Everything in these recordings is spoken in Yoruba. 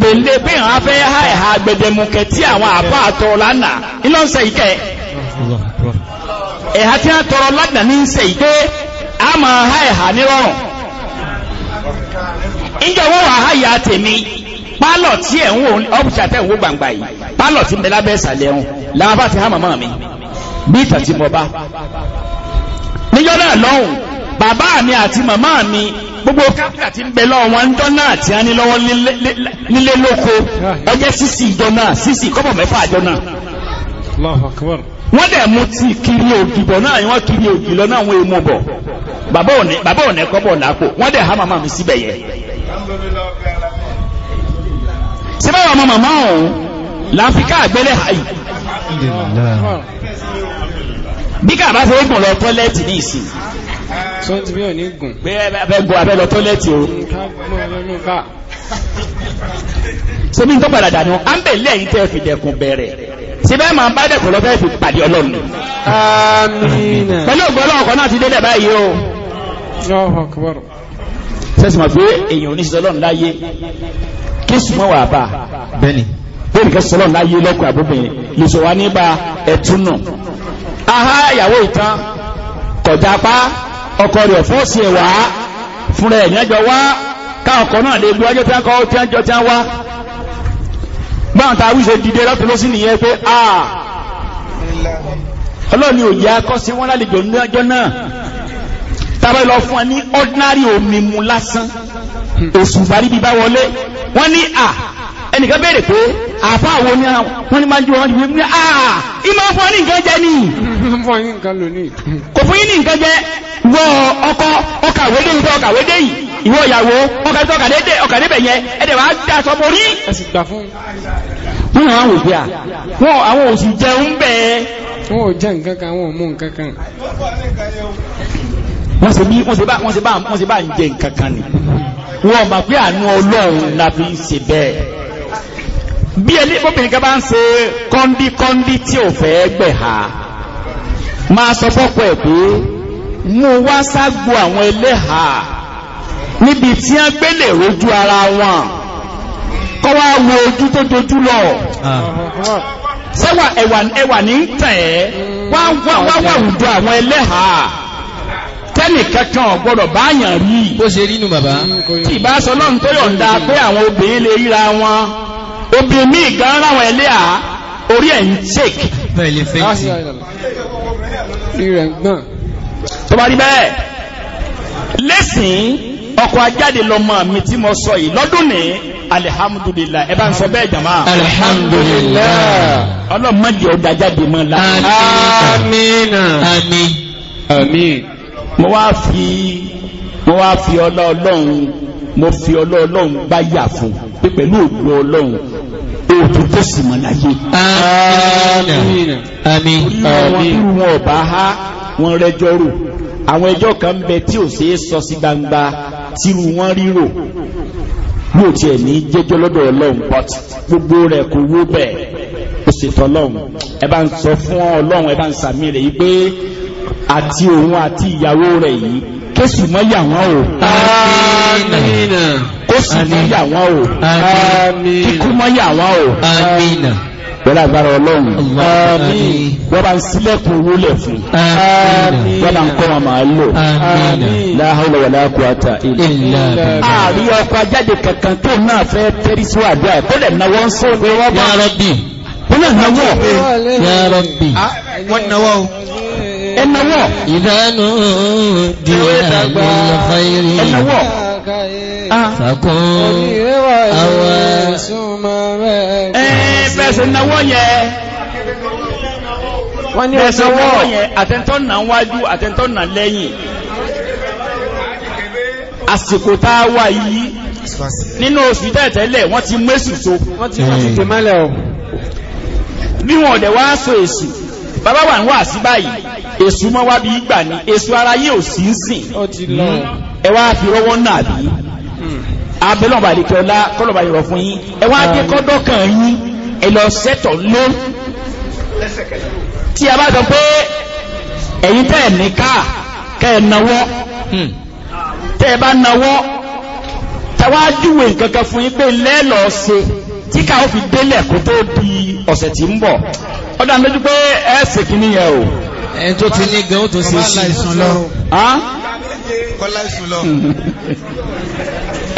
gbèlé pé àwọn afẹ́ ha ẹ̀ha gbẹ̀dẹ̀mùkẹ̀ tí àwọn àpá àtọrọ lánàá iná ń sẹ ìkẹ́ ẹ̀ha tí wọ́n tọrọ lánàá ní ń sẹ ìkẹ́ a máa ha ẹ̀ha nírọ̀rùn ìjọ wọn wà ha ìyá tèmi pálọ̀ tí ẹ̀ ń wò gbangba yìí pálọ̀ tí ń bẹ lábẹ́ ìsàlẹ̀ làwọn mita ti há màmá mi bí ìtàn ti mọ̀ bá níjọ́ náà lọ́hùn gbogbo kápítà ti ń wọn jọ a lọ́wọ́ nílé lóko ọjẹ́ sísì ìjọ sísì kọ́bọ̀ mẹ́fà àjọ Kiri wọ́n dẹ̀ mú tí kiri ògìbọ̀ náà wọ́n kiri ògìlọ náà wọ́n èmú bọ̀ bàbá òní kọ́bọ̀ wọ́n dẹ̀ mama mi síbẹ̀ yẹ màmá láfíkà àyè bí fẹ́ gbọ̀n lọ tọ́lẹ́tì ní ìsìn tó ń tibí òní gùn. pé abẹ́gun abẹ́lọ tó lẹ́tì o. sẹ́mi tó padà dànù à ń bẹ̀ lẹ́yìn tẹ́ fi dẹ̀kun bẹ̀rẹ̀ síbẹ̀ máa ń bá dẹ̀kun lọ́fẹ́ fi pàdé ọlọ́run. pẹ̀lú ògbọ́lọ́ ọkọ̀ náà ti délẹ̀ báyìí o. sẹ́sì máa pé èèyàn oníṣẹ́ ọlọ́run láyé kí sùnmọ́ wà bá. bẹ́ẹ̀ni. bẹ́ẹ̀ni kẹ́sì ọlọ́run láyé lọ́kùn àbúbìnrin lè wá nípa ẹ̀túnù. aha ìyàwó ìtàn kọjá pa ọkọ rẹ̀ fọ́ọ̀sì ẹ̀ wá fúnra ẹ̀ yẹn jọ wá ká ọkọ náà lè lu ọjọ́ tí wọ́n kọ́ tí wọ́n jọ tí wọ́n wá báwọn tá dìde lọ́tọ̀ọ́ sí pé a ah! ọlọ́ọ̀ni òye akọ́sí wọn lálejò náà tàbí lọ fún ẹ ní ordinary omi mu lásán òsùn bá ríbi bá wọlé wọ́n ní à ẹnìkan béèrè pé àfá àwọn ni wọ́n ní máa ń jú wọn jù ní àà ìmọ̀ fún ọ ní nǹkan jẹ ní kò fún yín ní nǹkan jẹ wọ ọkọ ọkà wédé yìí ọkà wédé yìí ìwọ ìyàwó ọkà tó ọkà débẹ̀ yẹn ẹ̀dẹ̀ wàá dá aṣọ mọ rí. wọ́n náà wò pé à wọ́n àwọn òsì jẹun bẹ́ẹ̀. wọ́n ò jẹ́ nǹkan kan wọ́n ò mú nǹkan kan wọ́n ṣe bí wọ́n ṣe bá wọ́n ṣe bá wọ́n ṣe bá ń jẹ nǹkan kan ni wọ́n mọ̀ pé àánú ọlọ́run la fi ń ṣe bẹ́ẹ̀ bí ẹni bóbìnrin kan bá ń ṣe kọ́ndíkọ́ndí tí ò fẹ́ gbẹ̀ ha máa sọ fọ́pọ̀ ẹ̀ pé mú wá ságbo àwọn ẹlẹ́hà níbi tí wọ́n gbé lè rojú ara wọn kọ́ wá wo ojú tó dojú lọ sẹ́wà ẹ̀wà ní tẹ̀ wá wá wá wùdó àwọn ẹlẹ́hà kankan ọ̀gbọ́dọ̀ báyàn rí bó ṣe rí nù bàbá tí ìbá sọ lọ́n tó yọ̀ǹda pé àwọn obìnrin lè ríra wọn obìnrin míì gan ráwọn ẹlẹ́ à orí ẹ̀ ń ṣèkì ah, tó bá rí bẹ́ẹ̀ lẹ́sìn alhamdulillah ẹ bá sọ bẹ́ẹ̀ jama alhamdulillah ọlọ́mọdé ọjà jáde mọ́ la. amina. amina. amina mo wá fi mo wá fi ọlá ọlọ́run mo fi ọlá ọlọ́run gbá yà fún pé pẹ̀lú ògbó ọlọ́run òtún tó sì mọ̀ láyé. àmín àmín àmín wọn ọba ha wọn rẹjọ rò àwọn ẹjọ́ kan bẹ tí ò ṣeé sọ sí gbangba tírú wọn rírò bí ò tiẹ̀ ní jẹ́jọ́ lọ́dọ̀ ọlọ́run but gbogbo rẹ̀ kò wó bẹ́ẹ̀ ó ṣètò ọlọ́run ẹ bá ń sọ fún ọlọ́run ẹ bá ń sàmì rẹ̀ yìí pé àti òun àti ìyàwó rẹ̀ yìí késù mọ́ yà wọ́n o àmín kósù mọ́ yà wọ́n o àmín kíkú mọ́ yà wọ́n o àmín pẹ̀lú agbára ọlọ́run wọ́n bá ń sílẹ̀kùn owó lẹ̀ fún wọ́n bá ń kọ́ wọn máa lò àmín la hawla wala quwwata illa billah àrí ọkọ̀ ajáde kankan tó náà fẹ́ tẹ́rí sí wàdíà kó lè náwó ń sọ ya rabbi kó lè náwó ya rabbi ah, wọ́n náwó ẹnawọ́ ìdánù díẹ̀ àgbẹ̀lọ́fẹ́ irin ẹnawọ́ sàkún àwọ̀ ẹ̀ẹ́bẹ̀ẹ̀sẹ̀ náwọ́ yẹ ẹ̀ẹ́sẹ̀ náwọ́ yẹ àtẹ́ntọ́ nà wájú àtẹ́ntọ́ nà lẹ́yìn àsìkò tá a wà yìí nínú oṣù tẹ́ẹ̀tẹ́lẹ̀ wọ́n ti mú èsù so wọ́n ti tèmálẹ̀ ọ̀ bí wọ́n dẹ̀ wá so èsù bàbá wà ń wà sí báyìí èṣù mọ́ wá bí gbà ní èṣù ara yìí ò sí ń sìn hmm. ẹ wá fi rọwọ́ náà bí hmm. abẹ́lọ́ba àdìkẹ́ ọlá kọ́lọ́ba yọ̀rọ̀ fún yín ẹ wá dé hmm. kọ́dọ̀ kan yín ẹ lọ sẹ́tọ̀ lé tí a bá sọ pé ẹ̀yin tẹ́ ẹ̀ ní káà kẹ́ ẹ̀ nawọ́ tẹ́ ẹ bá nawọ́ tẹ́wájú nǹkan kan fún yín pé lẹ́ẹ̀lọ́ọ́ ṣe tí ká ó fi délẹ̀ kó tó di ọ̀sẹ̀ tí ń bọ̀ ọdá méjú pé ẹ́ẹ̀sì kì níyẹn o ẹni tó ti ní gan ó tó sì ṣe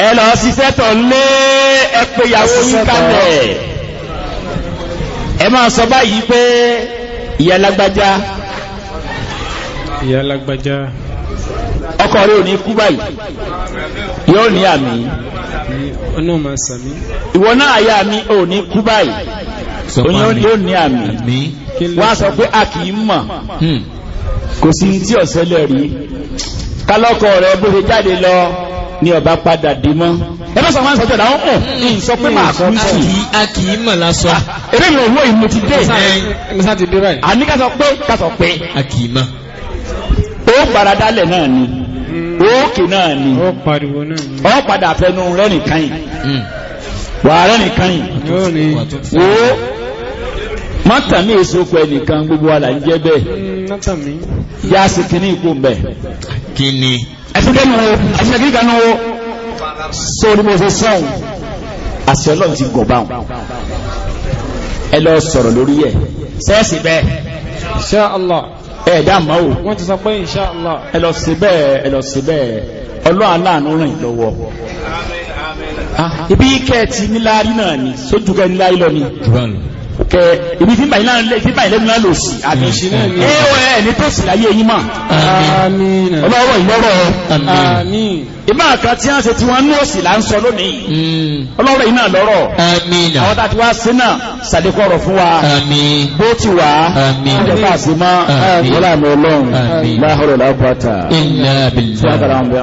ẹ lọ ṣiṣẹ́ tọ̀ lé ẹpẹyàwó yín ẹ máa sọ báyìí pé ìyá lágbájá ọkọ rẹ ò ní kú báyìí yóò ní àmì ọ̀nà máa sàmí. ìwọ náà àyà mi ò ní kú báyìí oyún yóò ní àmì wọ́n sọ pé a kì mọ̀ hmm. kò sí tí ọ̀sẹ̀lẹ̀ rí kálọ́kọ̀ rẹ̀ bó ṣe jáde lọ ni ọba padà dé mọ́ ẹgbẹ́ sọ máa ń sọ́jọ́ ìdáwọ́ pọ̀ ní sọ pé máa kọ́ sí a kì í mọ̀ lásọ ah, ebe mi ò wó ìmú ti dé àní ká sọ pé ká sọ pé a kì í mọ̀ ó gbáradálẹ̀ náà ni òkè náà ni ọ padà fẹnu rẹ nìkan yìí hmm. wà rẹ nìkan yìí wo mọ́tàmí èso pẹ̀ nìkan gbogbo wa là ń jẹ́ bẹ́ẹ̀ hmm, yá sí kíní ìkó mbẹ́. kíní. ẹ̀sìn kẹ́nu o ẹ̀sìn kẹ́nu kan o sórí mo ṣe sọ́hun àṣẹ ọlọ́run ti gọ̀bá wọn ẹ lọ sọ̀rọ̀ lórí ẹ̀ sẹ́ẹ̀sì bẹ́ẹ̀. Insha Allah ẹ̀dá mọ́ o wọ́n ti sọ pé inshallah ẹlọ́síbẹ̀ ẹlọ́síbẹ̀ ọlọ́àláàánú rìn lọ́wọ́ ah, ibi kẹ́ẹ̀tì níláàrí náà ni sójúkẹ́ níláàrí lọ ni kẹ ibi tí báyìí lẹ́nu náà lò sí àbí aol ní tó sì láyé yín mọ̀ ọlọ́rọ̀ ìlọ́rọ̀ ìmọ̀ àkà tí a ṣe tí wọ́n ní òsì là ń sọ lónìí mm. ọlọ́rọ̀ iná lọ́rọ̀ àwọn tá a ti wá sí náà ṣàlékọ́ ọ̀rọ̀ fún wa bó ti wà ìjọba àti mọ́ ìwọ́lá àmì ọlọ́run tí a kàrà àwọn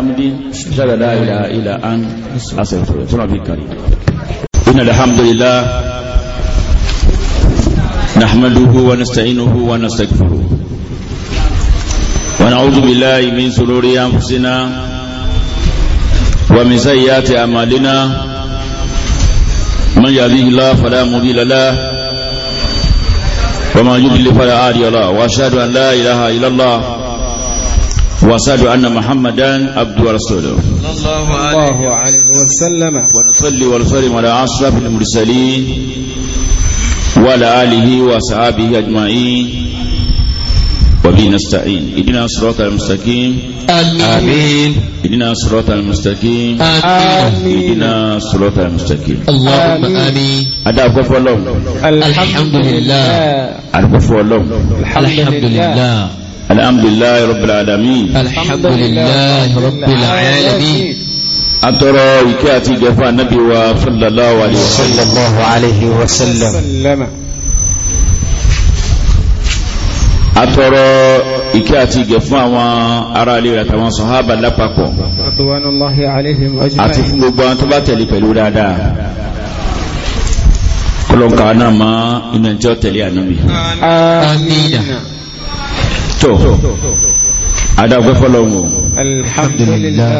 ọmọ amúdí نحمده ونستعينه ونستغفره ونعوذ بالله من شرور أنفسنا ومن سيئات أعمالنا من يهده الله فلا مضل له ومن يضلل فلا هادي له وأشهد أن لا إله إلا الله وأشهد أن محمدا عبده ورسوله الله عليه وسلم ونصلي ونسلم على أشرف المرسلين وعلى آله وصحابه أجمعين وبه نستعين إدنا صراط المستقيم آمين إدنا صراط المستقيم آمين إدنا صراط المستقيم اللهم آمين أدعى أكفو الله الحمد لله أكفو الله الحمد لله الحمد لله رب العالمين الحمد لله رب العالمين atọrọ ìkẹ́ àti ìgẹ̀fà nábi wa sallallahu alaihi wasallam atọrọ ìkẹ́ àti ìgẹ̀ fún àwọn ará ilé rẹ̀ àtàwọn sọ̀hábà lápapọ̀ àti fún gbogbo àwọn tó bá tẹ̀lé pẹ̀lú dáadáa kọlọ̀nkà náà ma iná jọ tẹ̀lé ànábì àmín alhamdulillah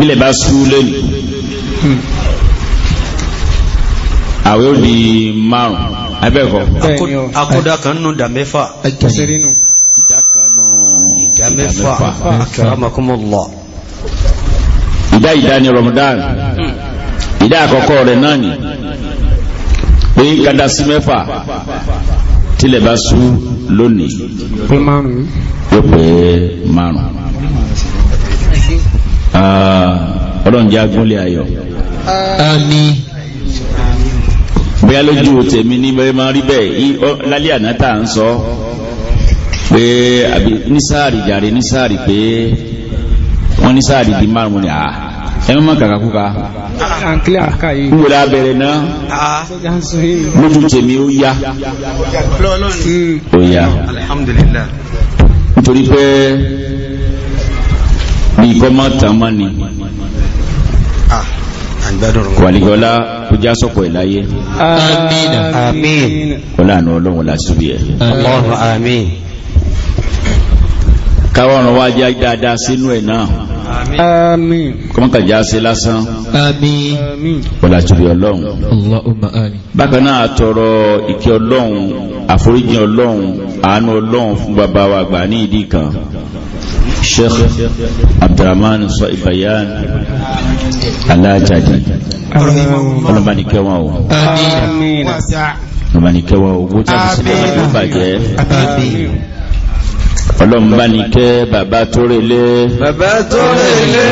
bílẹ̀ bá sú lónìí àwẹ̀ ó di márùn abẹ́ẹ̀kọ́ akọ́dá kan nù dà mẹ́fà ìdá mẹ́fà akaramakumullah ìdá ìdá ni Ramadan ìdá àkọ́kọ́ rẹ̀ náà ni pé kádà sí mẹ́fà tílẹ̀ bá sú lónìí yóò pé márùn Ah, ọlọ́run jẹ́ agúnlé ayọ̀ àmín bóyá lójú tèmi ní bẹ́ẹ̀ máa rí bẹ́ẹ̀ lálẹ́ àná tá à ń sọ pé àbí ní sáàrì jàre ní sáàrì pé wọ́n ní sáàrì di márùn-ún ni àá ẹ̀mọ́ mọ́ kàkàkúka ń wòlá bẹ̀rẹ̀ náà lójú tèmi ó yá ó yá nítorí pé bí kọ́ mọ́ tán mọ́ ni ah, wàlíkọ́lá kó já sọ́kọ̀ ìláyé àmín ọlànà ọlọ́run láti bí ẹ̀ ọlọ́run àmín káwọn wá já dáadáa sínú ẹ̀ náà àmín kọ́mọ́kà já sí lásán àmín ọlàtúrí ọlọ́run bákan náà tọrọ ìkẹ́ ọlọ́run àforíjìn ọlọ́run àánú ọlọ́run fún bàbá wa gbà ní ìdí kan الشيخ عبد الرحمن الصيبيان aláàjáde ọlọ́bánikẹ́ wọn o ọlọ́bánikẹ́ wọn o gbójá sí sílẹ̀ ló bàjẹ́ ọlọ́bánikẹ́ bàbá tó rẹ̀ lé bàbá tó rẹ̀ lé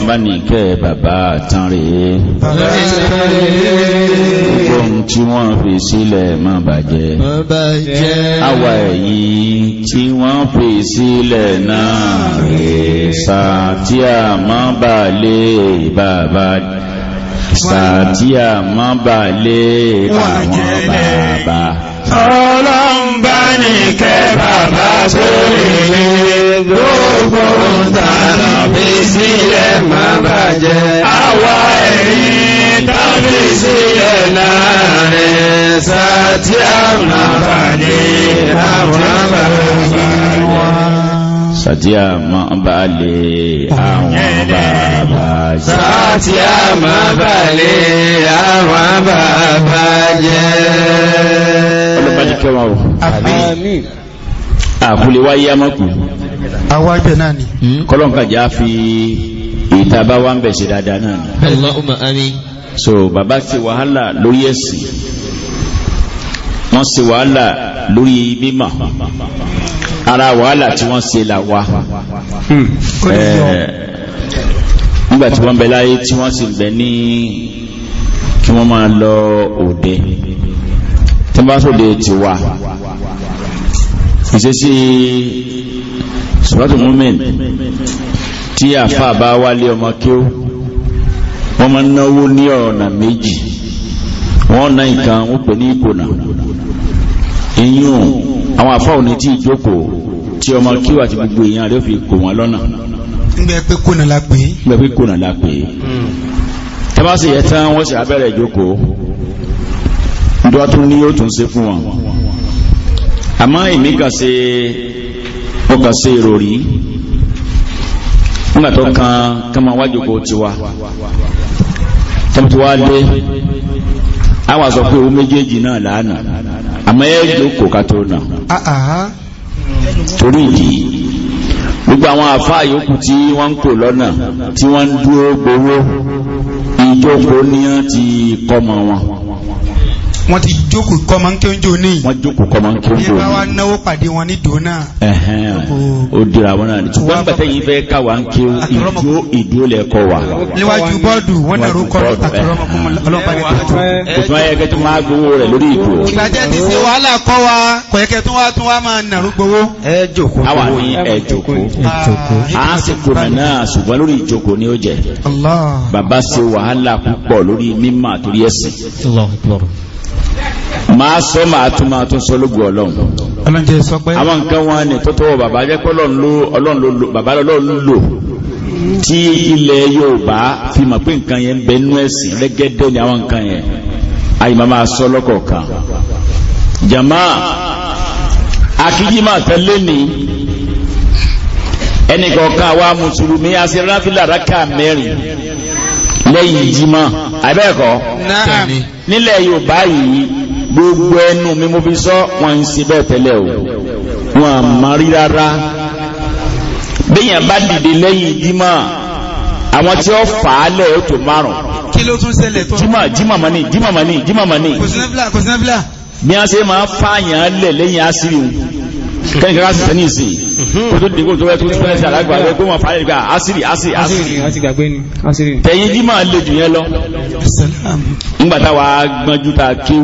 ọlọ́mọ́nìkẹ́ bàbá àtàn rèé gbogbo ohun tí wọ́n fi sílẹ̀ má bàjẹ́ àwa èyí tí wọ́n fi sílẹ̀ náà rèé sàtí àmọ́ bà lè bàbá sàtí àmọ́ bà lè àwọn bàbá ọlọ́mọ́nìkẹ́ bàbá tó fi sílẹ̀ má bàjẹ́ àwa ẹ̀yìn tá fi sílẹ̀ náà rẹ̀ sátí àmàbàdé àwọn bàbá wa. Sàtí àmà bá lè àwọn bàbá jẹ́. Sàtí àmà bá lè àwọn bàbá jẹ́. Ọlọ́pàá jẹ́ kẹwàá o. Àmín. Àkúlé wáyé àmọ́kù àwa ibẹ̀ náà ni. Hmm? kọ́lọ́nkà já fi ìtaba wa ń bẹ̀ ṣe dáadáa náà ni. Allahumma àmín. so bàbá ṣe wàhálà lórí ẹ̀sìn wọ́n ṣe wàhálà lórí mímọ̀ ara wàhálà tí wọ́n ṣe là wa. Hmm. Eh, nígbà tí wọ́n bẹ láyé tí wọ́n sì bẹ ní kí wọ́n máa lọ òde tí wọ́n bá sóde tiwa ìṣesí sùrátù mọ́mìn tí àfà bá wálé ọmọ kí ó wọ́n máa náwó ní ọ̀nà méjì wọ́n ná nǹkan ó pè ní ìkònà ìyún àwọn àfà òní tí ìjókòó tí ọmọ kí wà ti gbogbo èèyàn rẹ̀ fi kò wọ́n lọ́nà ńgbẹ́ pé kònà la tẹ́bá sì yẹ tán wọ́n sì abẹ́rẹ́ ìjókòó ndọ́ ní ó tún ṣe fún wọn àmọ́ èmi kàn ṣe ó kàn sí èrò rí kan kama wájúkọ tiwa tọ́mọ̀tíwá dé àwọn àsọ pé owó méjèèjì náà láàánà àmọ́ ẹ jókòó ká tó nà ah, ah. torí ìdí gbogbo àwọn àfáà yòókù tí wọ́n ń kò lọ́nà tí wọ́n ń dúró gbowó ìjókòó níyàn ti kọ́mọ wọn wọ́n ti jókòó kọ́ máa ń kí oúnjẹ òní. wọ́n jókòó kọ́ máa ń kí oúnjẹ òní. bí báwa náwó pàdé wọn ní dòun náà. ó dira wọn náà nítorí wọn bàtẹ́ yìí fẹ́ ká wa ń kí ìdó ìdó lẹ́kọ̀ọ́ wa. níwájú bọ́ọ̀dù wọn dàrú kọ́ àkọ́rọ́mọkúnmọ́ ah, Bàbá ṣe wàhálà púpọ̀ lórí mímọ̀ àtúrí ẹ̀sìn máa sọ máa tún máa tún sọ lógo ọlọ́run àwọn nǹkan wọn ni tó tọwọ́ bàbá jẹ́ pé bàbá lọ́lọ́run lò tí ilẹ̀ Yorùbá fi mọ̀ pé nǹkan yẹn ń bẹ nú ẹ̀sìn lẹ́gẹ́dẹ́ ni àwọn nǹkan yẹn àyìnbá máa sọ lọ́kọ̀ọ̀kan jama akíyí máa tẹ́lé ní ẹnìkọ̀ọ̀kan àwa mùsùlùmí asẹ́ráfílà rákà mẹ́rin lẹ́yìn jímọ̀ àbẹ́ẹ̀kọ́ nílẹ̀ Yorùbá yìí gbogbo ẹnu mi mo fi sọ wọn ń ṣe bẹ́ẹ̀ tẹ́lẹ̀ o wọn àmọ́ rí rárá béèyàn bá dìde lẹ́yìn dímọ̀ àwọn tí ó fà á lẹ̀ ó tó márùn. kí ló tún ṣẹlẹ̀ tó. jímọ̀ jímọ̀ mọ́ni jímọ̀ mọ́ni jímọ̀ mọ́ni. kò sí bí wọ́n ṣe máa fààyàn lẹ̀ lẹ́yìn àṣírí wọn kẹ́yìnkẹ́ ká sísẹ́ ní ìsìn kó tó dìgbò tó wẹ́tú tó fẹ́ẹ́sì àlágbà rẹ̀ kó mọ̀ fàálẹ̀ gbà asìrì asìrì asìrì tẹ̀yìn jí máa lè jù yẹn lọ nígbàtá wa gbọ́njú ta kíw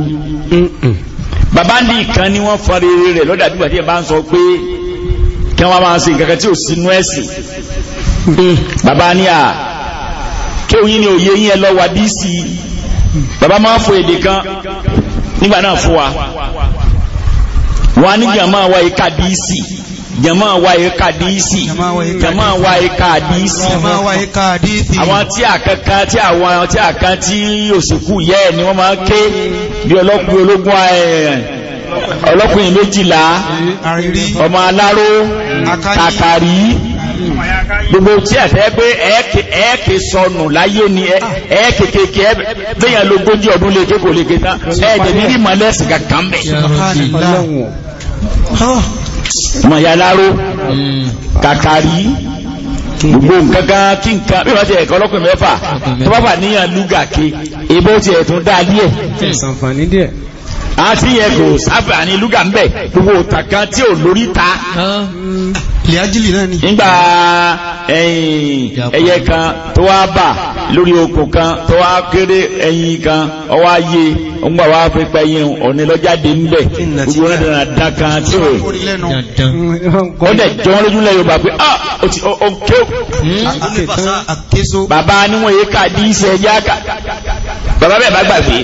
bàbá ní ìkan ni wọ́n fọ́rí rẹ̀ lọ́dà bí bàtí ẹ̀ bá ń sọ pé kí wọ́n máa ṣe nǹkan kan tí ò sínú ẹ̀sìn mm. bàbá ní à kí òyìn ni òye yín ẹ lọ wà díìsì bàbá máa ń fò èdè kan nígbà náà fún wa wọ́n ní jàmá wa yìí kàdíìsì jàmá wa yìí kàdíìsì jàmá wa yìí kàdíìsì àwọn tí àkankan tí àwọn tí àkan tí òsìkú yẹ ni wọ́n máa ń ké bí ọlọ́kùnrin ológun ọlọ́kùnrin méjìlá ọmọ aláró kàkàrí gbogbo tí ẹ̀fẹ́ pé ẹ̀ẹ́kè sọnù láyé ni ẹ̀ẹ́kèkèkè ẹ̀ẹ́bẹ̀yàn lógójì ọdún lè kékò lè kéta ẹ̀ẹ́dẹ̀ ní rí mọ̀lẹ́sì kàkàmbẹ̀ mọ̀ ya láró kàkàrí gbogbo nǹkankan kí nǹkan bí wọ́n ti ẹ̀kọ́ ọlọ́pìn mẹ́fà tó bá bà níyàn lúgà ké ebó ti ẹ̀tún dáa díẹ̀ àti yẹn kò sábà ní lúgà ń bẹ̀ gbogbo òtàkà tí ò lórí ta lẹ́ájìlì náà ni nígbà ẹ̀yìn ẹyẹ kan tó wá bà lórí oko kan tó wá kéré ẹyin kan ọwá yé ọgbà wá fi pa ẹyin ọ̀nà lọ́jáde ń bẹ̀ gbogbo náà dára dá kan tí ò ó dẹ̀ jọ wọn lójúlẹ̀ yorùbá pé ah o ti o kéw hmm. bàbá níwọ̀n yé ká dí iṣẹ́ yá ká bàbá bẹ́ẹ̀ bá gbàgbé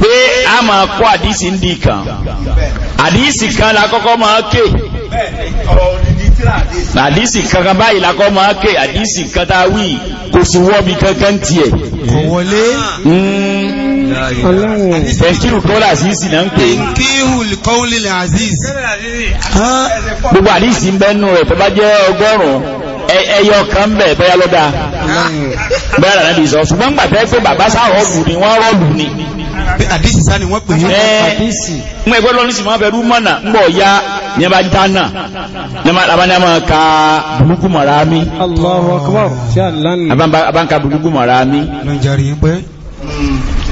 pé a máa kọ́ àdísì ń di kan àdísì kan la kọ́kọ́ máa ké àdísì kankan báyìí la kọ́ máa ké àdísì kan tá a wí kò sí wọ́bi kankan tiẹ̀. kò wọlé. Hmm. tẹ̀kírù kọ́lá àzízì náà ń pè é. tẹ̀kírù kọ́lá àzízì. gbogbo àdísì ń bẹ́nu rẹ̀ tó bá jẹ́ ọgọ́rùn-ún ẹyọ kan bẹ̀ bẹ́yà lọ́dá bẹ́yà lọ́dá ìsọ̀ ṣùgbọ́n gbàtẹ́ pé bàbá sáà rọ́ọ̀lù ni wọ́n rọ́ọ̀lù ni pé àdísì sáà ni wọ́n pè ní eh, àdísì mú ẹgbẹ́ lọ́nà sì máa bẹ̀rù mọ́nà ń bọ̀ ya ní ẹbá dáná ní ẹbá ka burúkú mọ̀ra mi Allahu Akbar abá ń ka burúkú mọ̀ra mi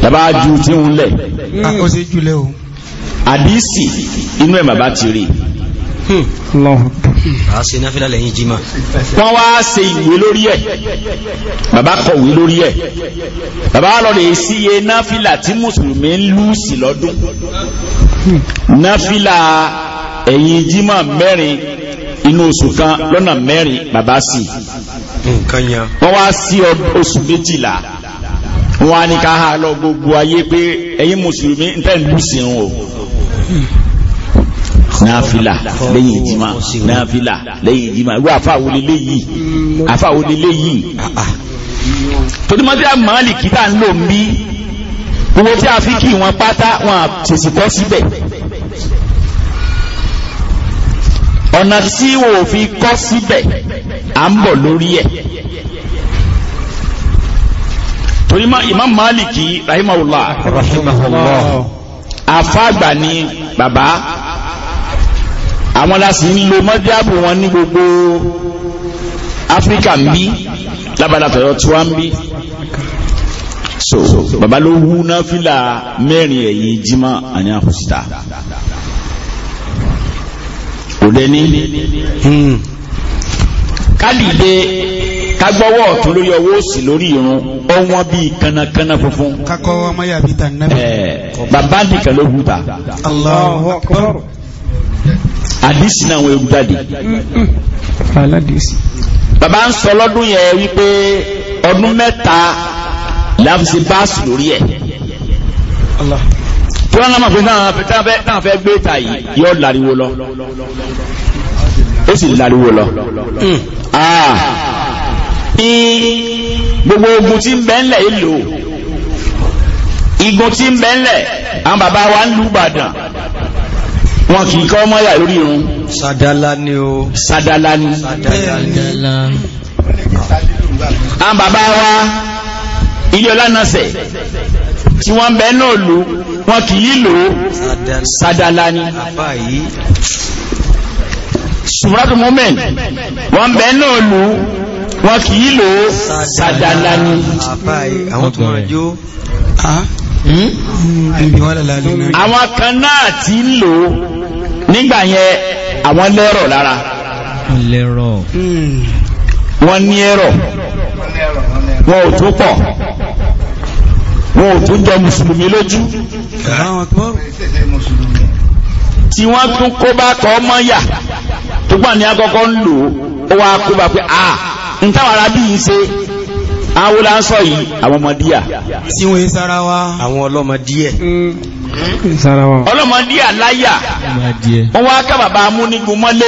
yàbá ju tí ń lẹ̀ hmm. àdísì inú ẹ̀ màbá ti rí hmm. Allahu Akbar a ṣe náfílà lẹ́yìn jímà wọ́n wá ṣe ìwé lórí ẹ̀ bàbá kọ̀wé lórí ẹ̀ bàbá lọ lè síye náfílà tí mùsùlùmí ń lù sí lọ́dún náfílà ẹ̀yìn jímà mẹ́rin inú oṣù kan lọ́nà mẹ́rin bàbá sí wọ́n wá sí oṣù méjìlá wọ́n á ní ká lọ gbogbo ayé pé ẹ̀yin mùsùlùmí ń tẹ́ ń lù sí wọn o náàfílà lẹ́yìn ìjímá náàfílà lẹ́yìn ìjímá ìwé àfáwọlélé yìí àfáwọlélé yìí torímọ́tí a mọ́ọ̀lì kíta ń lò ń bí owó tí a fi kí wọn pátá wọn àtẹ̀sì kọ́ síbẹ̀ ọ̀nà tí wò fi kọ́ síbẹ̀ à ń bọ̀ lórí ẹ̀ torí Imam Maliki rahimahullah rahimahullah afágbà ni bàbá àwọn la sì ń lo mọ́díàbù wọn ní gbogbo áfíríkà ń bí lábala tí wọ́n ń bí so baba ló wú náà fílà mẹ́rin ẹ̀yìn jímọ̀ àní àkọsíta kò dẹni hmm. kálíde kagbọ́wọ́ ọ̀tún lórí ọwọ́ òsì lórí irun ọwọ́n bí kanakana funfun kakọ́ ọmọ yàbí tàn náà bàbá nìkan ló hùtà Allahu Akbar àdìsí náà wọ́n ewu jáde. bàbá ń sọ lọ́dún yẹn wípé ọdún mẹ́ta láfisí báàsì lórí ẹ̀ tí wọ́n lọ́mọ̀ pé náà fẹ́ gbé ta yìí yóò láriwo lọ ó sì láriwo lọ hmm. ah. gbogbo ogun tí ń bẹ ńlẹ̀ ìlò igun tí ń bẹ ńlẹ̀ àwọn bàbá wa ń lù Ìbàdàn wọn kì í kọ́ mọ́yà lórí irun sadala ni o sadala ni sadala àwọn bàbá wa ilé ọlánàṣẹ tí wọ́n bẹ náà lò wọn kì í lò sadala ni sùmọ́tò mọ́mẹ́n wọ́n bẹ náà lò wọn kì lò sadala ni. àwọn kan náà ti lò nígbà yẹn àwọn lẹ́rọ̀ lára lẹ́rọ̀ wọ́n ní ẹ̀rọ̀ wọn ò tó pọ̀ wọn ò tó jọ mùsùlùmí lójú tí wọ́n tún kó bá kọ́ mọ́ yà tó gbà ní akọ́kọ́ ń lò ó wá kó bá pé à ah, ń arábí yìí ṣe àwọn wọlé à tí wọ́n ń sára wa àwọn ọlọ́mọ díẹ̀ hmm ọlọ́mọdé aláyà wọ́n wá ká bàbá amúnigun mọ́lé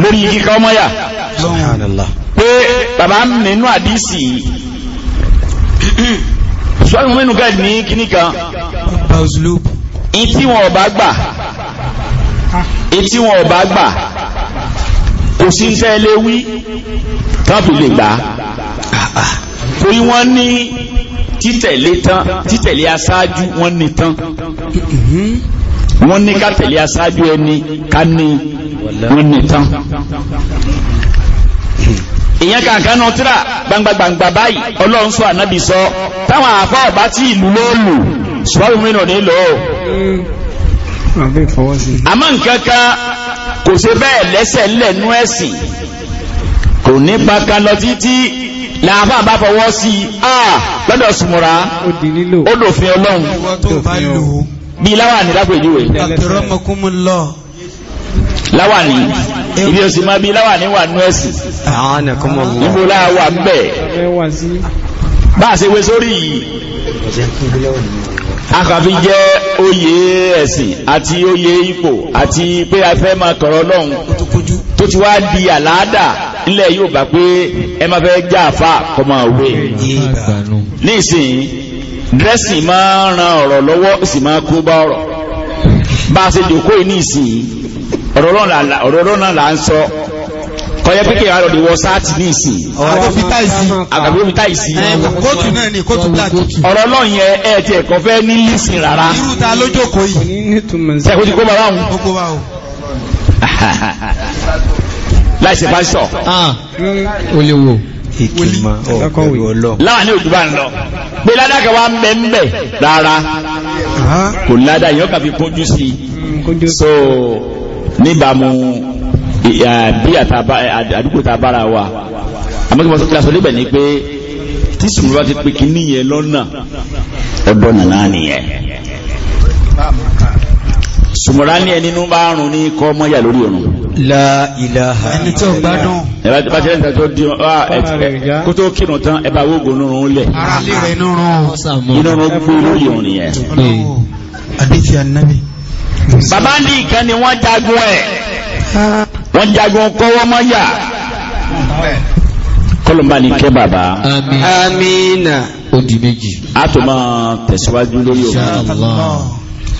lórí kíkà ọmọyà pé bàbá nínú àdísì ṣọ́nà mẹ́nu gáàdì ní kíníkan ìtí wọn ọba gbà ìtí wọn ọba gbà kò sí iṣẹ́ ilé wí tán lè gbà ah, ah. torí wọ́n ní títẹ̀lé tán títẹ̀lé aṣáájú wọ́n ní tán wọ́n ní ká tẹ̀lé aṣáájú ẹni ká ní wọ́n ní tán ìyẹn kankan náà tíra gbangbangba báyìí ọlọ́run sọ ànábì sọ táwọn àfọ́ ọ̀bá tí ìlú ló lù ṣùgbọ́n mi náà nílò àmọ́ nǹkan kan kò ṣe bẹ́ẹ̀ lẹ́sẹ̀ ńlẹ̀ nú ẹ̀sìn kò ní pa kan lọ títí láàfáà bá fọwọ́ sí àà lọ́dọ̀ súnmọ́ra ó dòfin ọlọ́run bí láwà ní lápèjúwe láwà ní ibi òsì máa bí láwà ní wà nú ẹ̀sì níbo láwà ń bẹ̀ bá a ṣe wé sórí yìí akàfi jẹ́ oyè ẹ̀sìn àti oyè ipò àti pé a máa tọ̀rọ̀ lọ́hùn tó ti wá di àláàdà nílẹ̀ yóò bá pé ẹ máa fẹ́ já àfà kọmọ òwe nísìn dírẹ́sì máa ran ọ̀rọ̀ lọ́wọ́ sì máa kó bá ọ̀rọ̀ bá a ṣe jòkó yìí nísìn ọ̀rọ̀ náà là ń sọ kọjá kékeré àrò ní wọ́sáàtì ní ìsìn àgbàbí omi táìsì kóòtù náà ni kóòtù pláàtì ọ̀rọ̀ náà yẹ ẹ̀ tí ẹ̀kọ́ fẹ́ ní lísìn rárá irúta lójókòó yìí ṣẹ́kùn ti kó bàbá òun láìsí pásítọ̀ ó lè wò láwà ní òdúbà ń lọ pé ládàkà wa ń bẹ ń bẹ rárá ah. kò ládà yóò kàfi kójú sí mm, so níbàámu bí àdúgbò tá a bára wa amẹ́kẹ́mọ́sọ́ kílásọ níbẹ̀ ni pé tí sùnmùlá ti pè kí níyẹn lọ́nà ọdọ́ nàná nìyẹn ṣùgbọ́n ní ẹni inú bá rùn ní kọ́ mọ́yà lórí ọ̀run láìláha ẹni tó gbádùn ẹ̀bá tí bájẹ́ ìdájọ́ di ọ̀rẹ́ kó tó kírun tán ẹ̀bá wógo nírun lẹ̀ inú rún gbé lórí ọ̀run ẹ̀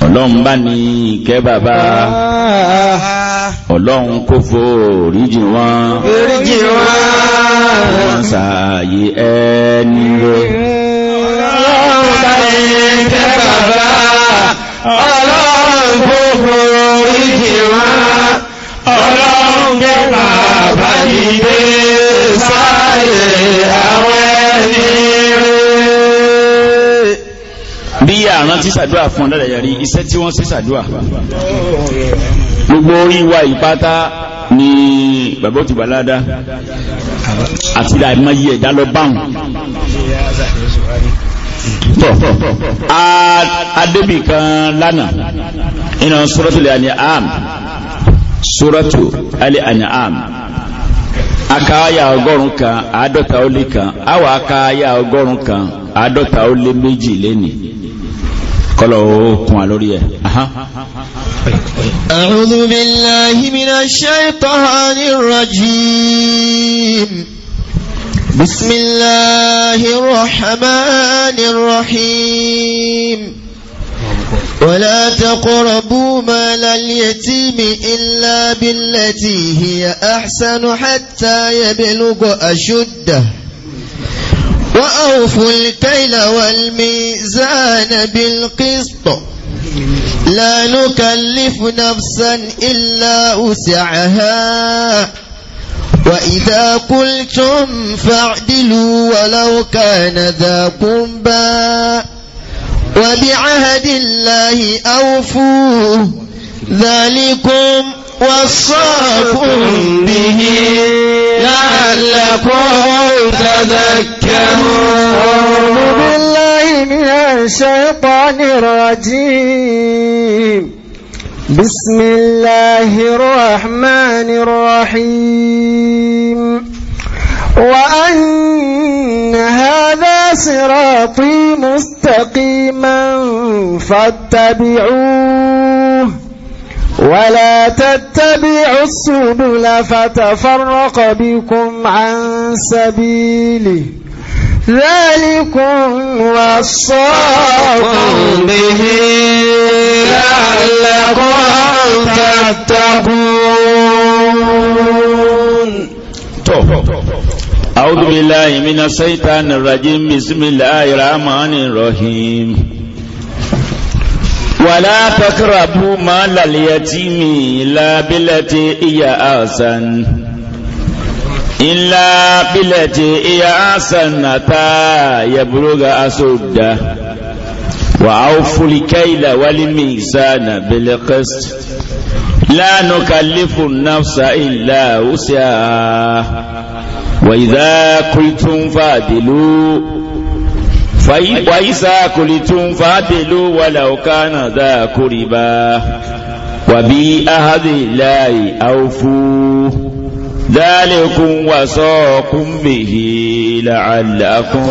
ọlọ́run bá ní ìkẹ́ bàbá ọlọ́run kó fò ríjì wọn ríjì wọn sààyè ẹni rẹ̀ ọlọ́run bá ní ìkẹ́ bàbá ọlọ́run kó fò ríjì wọn ọlọ́run kẹ́ bàbá ìgbé sáàyè àwọn bí àrán tí sàdúà fún ọ̀dọ́dẹ̀ yẹrí iṣẹ́ tí wọ́n sí sàdúà gbogbo orí wa ìpátá ni bàbá òtù balada àti ìdàmọ́ yí ẹ̀dá lọ báhùn tọ́ adébì kan lánàá iná sọ́rọ́tù lè àní àm sọ́rọ́tù alẹ́ àní àm akáyà ọgọ́rùn kan àádọ́ta ó lé kan àwọ̀ akáyà ọgọ́rùn kan àádọ́ta ó lé méjì lénìí kọ́lọ̀ okùn àlórí ẹ̀. A'udhu billahi minash shaitanir rajim. Bismillahir rahmanir rahim. ولا تقربوا مال اليتيم إلا بالتي هي أحسن حتى يبلغ أشده وأوفوا الكيل والميزان بالقسط لا نكلف نفسا إلا وسعها وإذا قلتم فاعدلوا ولو كان ذا قربى وبعهد الله أوفوا ذلكم وصاكم به لعلكم تذكرون أعوذ بالله من الشيطان الرجيم بسم الله الرحمن الرحيم وأن هذا صراطي مستقيما فاتبعوه ولا تتبعوا السبل فتفرق بكم عن سبيله ذلكم وصاكم به لعلكم تتقون أعوذ بالله من الشيطان الرجيم بسم الله الرحمن الرحيم ولا تقربوا مال اليتيم إلا بالتي هي أحسن إلا بالتي هي أحسن يبلغ أسده وأوفوا الكيل والميزان بالقسط لا نكلف النفس إلا وسعها وإذا قلتم فادلوا وإذا قلتم فادلوا ولو كان ذا قربا وبي أهد الله أوفوا ذلكم وصاكم به لعلكم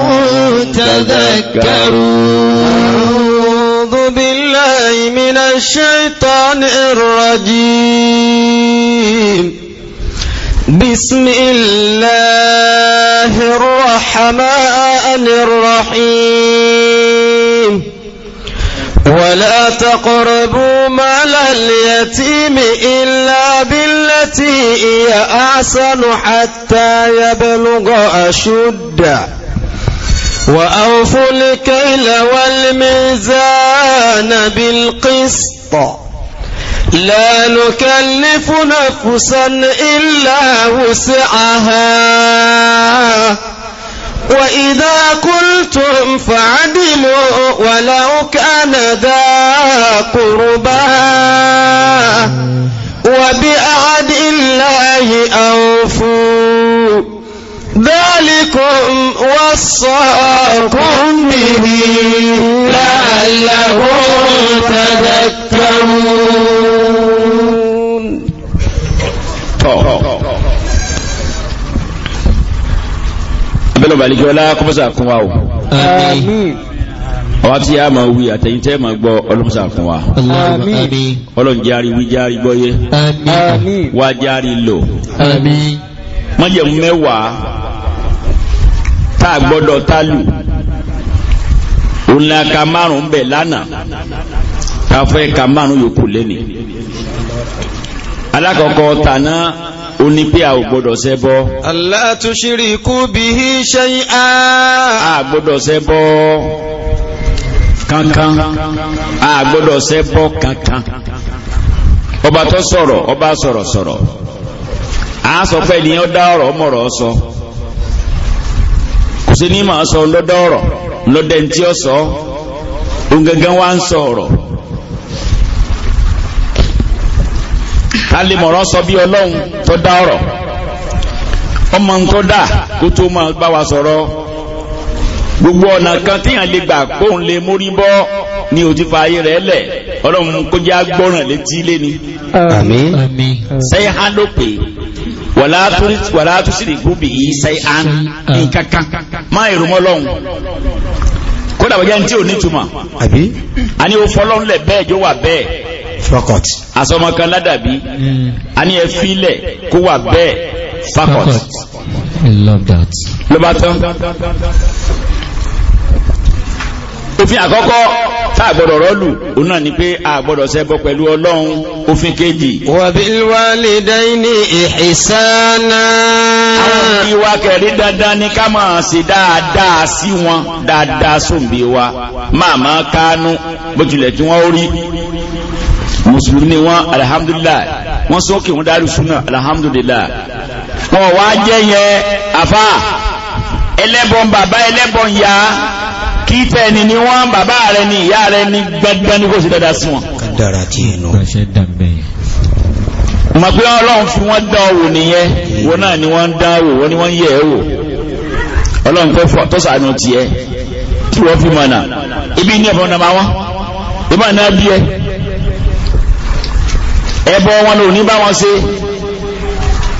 تذكرون أعوذ بالله من الشيطان الرجيم بسم الله الرحمن الرحيم ولا تقربوا مال اليتيم إلا بالتي هي أحسن حتى يبلغ أشده وأوفوا الكيل والميزان بالقسط لا نكلف نفسا إلا وسعها وَإِذَا قلتم فعدلوا وَلَوْ كَانَ ذا قربا وبعهد الله أوفوا ذلكم وصاكم به لعلكم abẹ́lẹ̀ balẹ̀kẹ́ ọlá kọ́mọ́sà fún wa o àwa tí a máa wí àtẹ̀yìn tẹ́ máa gbọ́ ọlọ́mọsà fún wa ọlọ́run járí wí járí gbọ́yé wá járí lò mọ́jẹ̀ mẹ́wàá tá a gbọ́dọ̀ tá lù òun la ka márùn-ún bẹ̀ lánàá ká ka márùn yòókù lẹ́nìí alákọ̀ọ́kọ́ tàná ó ní pé a ò gbọ́dọ̀ ṣẹbọ. Allah tushiriku bihi shay'a. a gbọ́dọ̀ ṣẹbọ kankan a gbọ́dọ̀ ṣẹbọ kankan. ọba tó sọ̀rọ̀ ọba sọ̀rọ̀ sọ̀rọ̀ a sọ pé ni ó dá ọ̀rọ̀ mọ̀rọ̀ sọ kò sí ní màá sọ lọ́dọ̀ ọ̀rọ̀ lọ́dẹ̀ ntí ó sọ ó wá ń sọ ọ̀rọ̀. ká lè mọ̀rọ̀ sọ bí ọlọ́run tó dá ọ̀rọ̀ ọmọ tó dá kó tó máa bá wa sọ̀rọ̀ gbogbo ọ̀nà kan téèyàn lè gbà kóun lè mórí bọ́ ní òtífà ayé rẹ̀ lẹ̀ ọlọ́run kó jẹ́ agbọ́ràn létí lé ni. àmín sẹ́yìn há ló pè wàlá tó sì rí gúbì yìí sẹ́yìn há ah. ní kankan máa èrò mọ́ lọ́hùn kódà wọ́n jẹ́ ní tí ò ní túmọ̀ àní ó fọlọ́run lẹ̀ bẹ́ẹ̀ jó wà bẹ́ẹ̀ fakọt asọmọkan ládàbí hmm. a ní ẹ kó wà bẹ́ẹ̀ fakọt I love that ló bá tán òfin àkọ́kọ́ tá a rọ́lù òun náà ni pé a gbọ́dọ̀ pẹ̀lú ọlọ́run òfin kejì. wa bil walidayni ihsana. àwọn òbí wa kẹ̀rí dandan ni ká máa ṣe dáadáa sí wọn dáadáa sóǹbí wa máa máa kánú bójúlẹ̀ tí wọ́n rí mùsùlùmí ni wọ́n alhamdulillah wọ́n sókè wọ́n dárú súnà alhamdulillah wọ́n wá jẹ́ yẹn afá baba bàbá ya kí tẹ́ni ni wọ́n baba rẹ ni ìyá rẹ ni gbẹ́gbẹ́ ní kò sí dada sí wọn. kádàrà tí ì nù. mọ̀ pé ọlọ́run fún wọn dán wò nìyẹn wọn náà ni wọ́n dán wò wọ́n ni wọ́n ń yẹ̀ wò ọlọ́run kò fọ tó sànù tiẹ̀ tí wọ́n fi mọ̀ náà ibi ní ẹ̀fọn náà máa wọ́n ìbá bí ẹ ẹbọ wọn ló ní bá wọn ṣe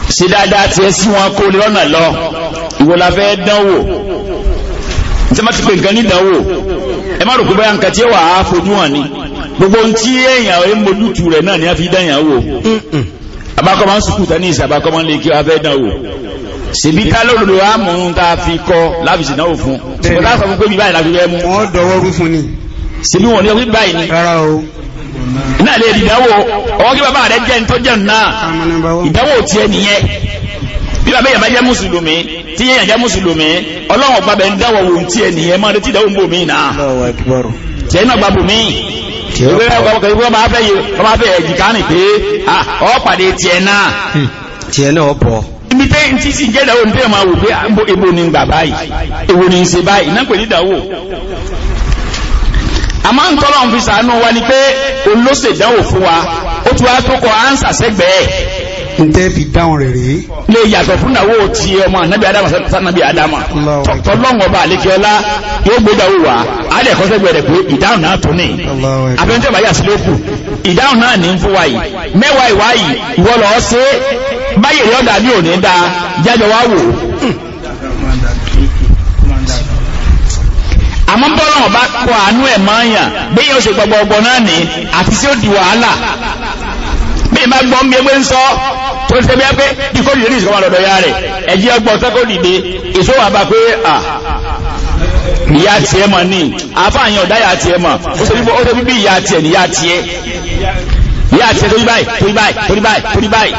ṣe dáadáa tiẹ̀ sí wọn kó lè lọ́nà lọ ìwọ la fẹ́ dánwò tí wọ́n ti pè nǹkan nídánwò ẹ má rò pé báyà nǹkan tí ó wà á fojú hàn ni gbogbo ohun tí èèyàn ẹ mójútu rẹ̀ náà ni a fi dáyàn wò abakọ́ máa ń sùkúù tán ní ìsìn abakọ́ máa ń lè kí wọ́n fẹ́ dánwò ṣèbí ká lóòrò àmúrun tá a fi kọ láti ṣèdánwò fún ṣùgbọ́n tá a sọ fún pé bí báyìí la fi fẹ́ mú. wọ́n dọwọ́ rú fún ni. ṣèbí wọn ni. rárá o. na lè ìdánwò ọwọ́ kí bàbá rẹ̀ jẹ́ tó jẹun na. idawo ti ẹ nìyẹn bí bàbá yẹn bá jẹ́ mùsùlùmí tí ya jẹ́ mùsùlùmí ọlọ́run ọba bẹ̀ ń dánwò wò tí ẹ nìyẹn máa retí ìdánwò ń ah, ọ pàdé tiẹ̀ o hmm. tiẹ̀ nti a máa ń tọ́lọ̀ ń fi sàánú wa ni pé olóṣèdánwò fún wa ó tún wá tó kọ ánsà sẹ́gbẹ̀ẹ́ ǹtẹ́ fi dáhùn rẹ̀ rèé lè yàtọ̀ fún ìnáwó ti ọmọ nábì adama sánábì adama tọ́lọ́wọ́ bá àlékiọlá yóò gbódáwò wá adẹ́kọ́sẹ́gbẹ̀ rẹ̀ pé ìdáhùn náà tó ní abẹ́ntẹ́ bá yà sí lókù ìdáhùn náà ní fún wa yìí mẹ́wàá ìwá yìí ìwọ lọ́ọ́ sí báyìí rí ọ̀dà ní òní dáa jájọ wá wò àmọ́ bọ́lá ọba kọ àánú ẹ̀ máa ń yàn béèyàn ṣe gbọgbọ ọgbọ náà ní àti tí ó di wàhálà bẹ́ẹ̀ bá gbọ́n bí ẹgbẹ́ ń sọ tó ṣe bí ẹ pé ikó dìde ní ìṣọ́wà lọ́dọ̀ ya rẹ̀ ẹ̀jẹ̀ ọgbọ́n sẹ́kó dìde èso wà bá pé à ìyá tiẹ̀ mọ̀ ní àfààyàn ọ̀dá ìyá tiẹ̀ mọ̀ ó ṣe bíbí ìyá tiẹ̀ ní ìyá tiẹ̀ ìyá tiẹ̀ torí báyìí torí báyìí torí báyìí torí báyìí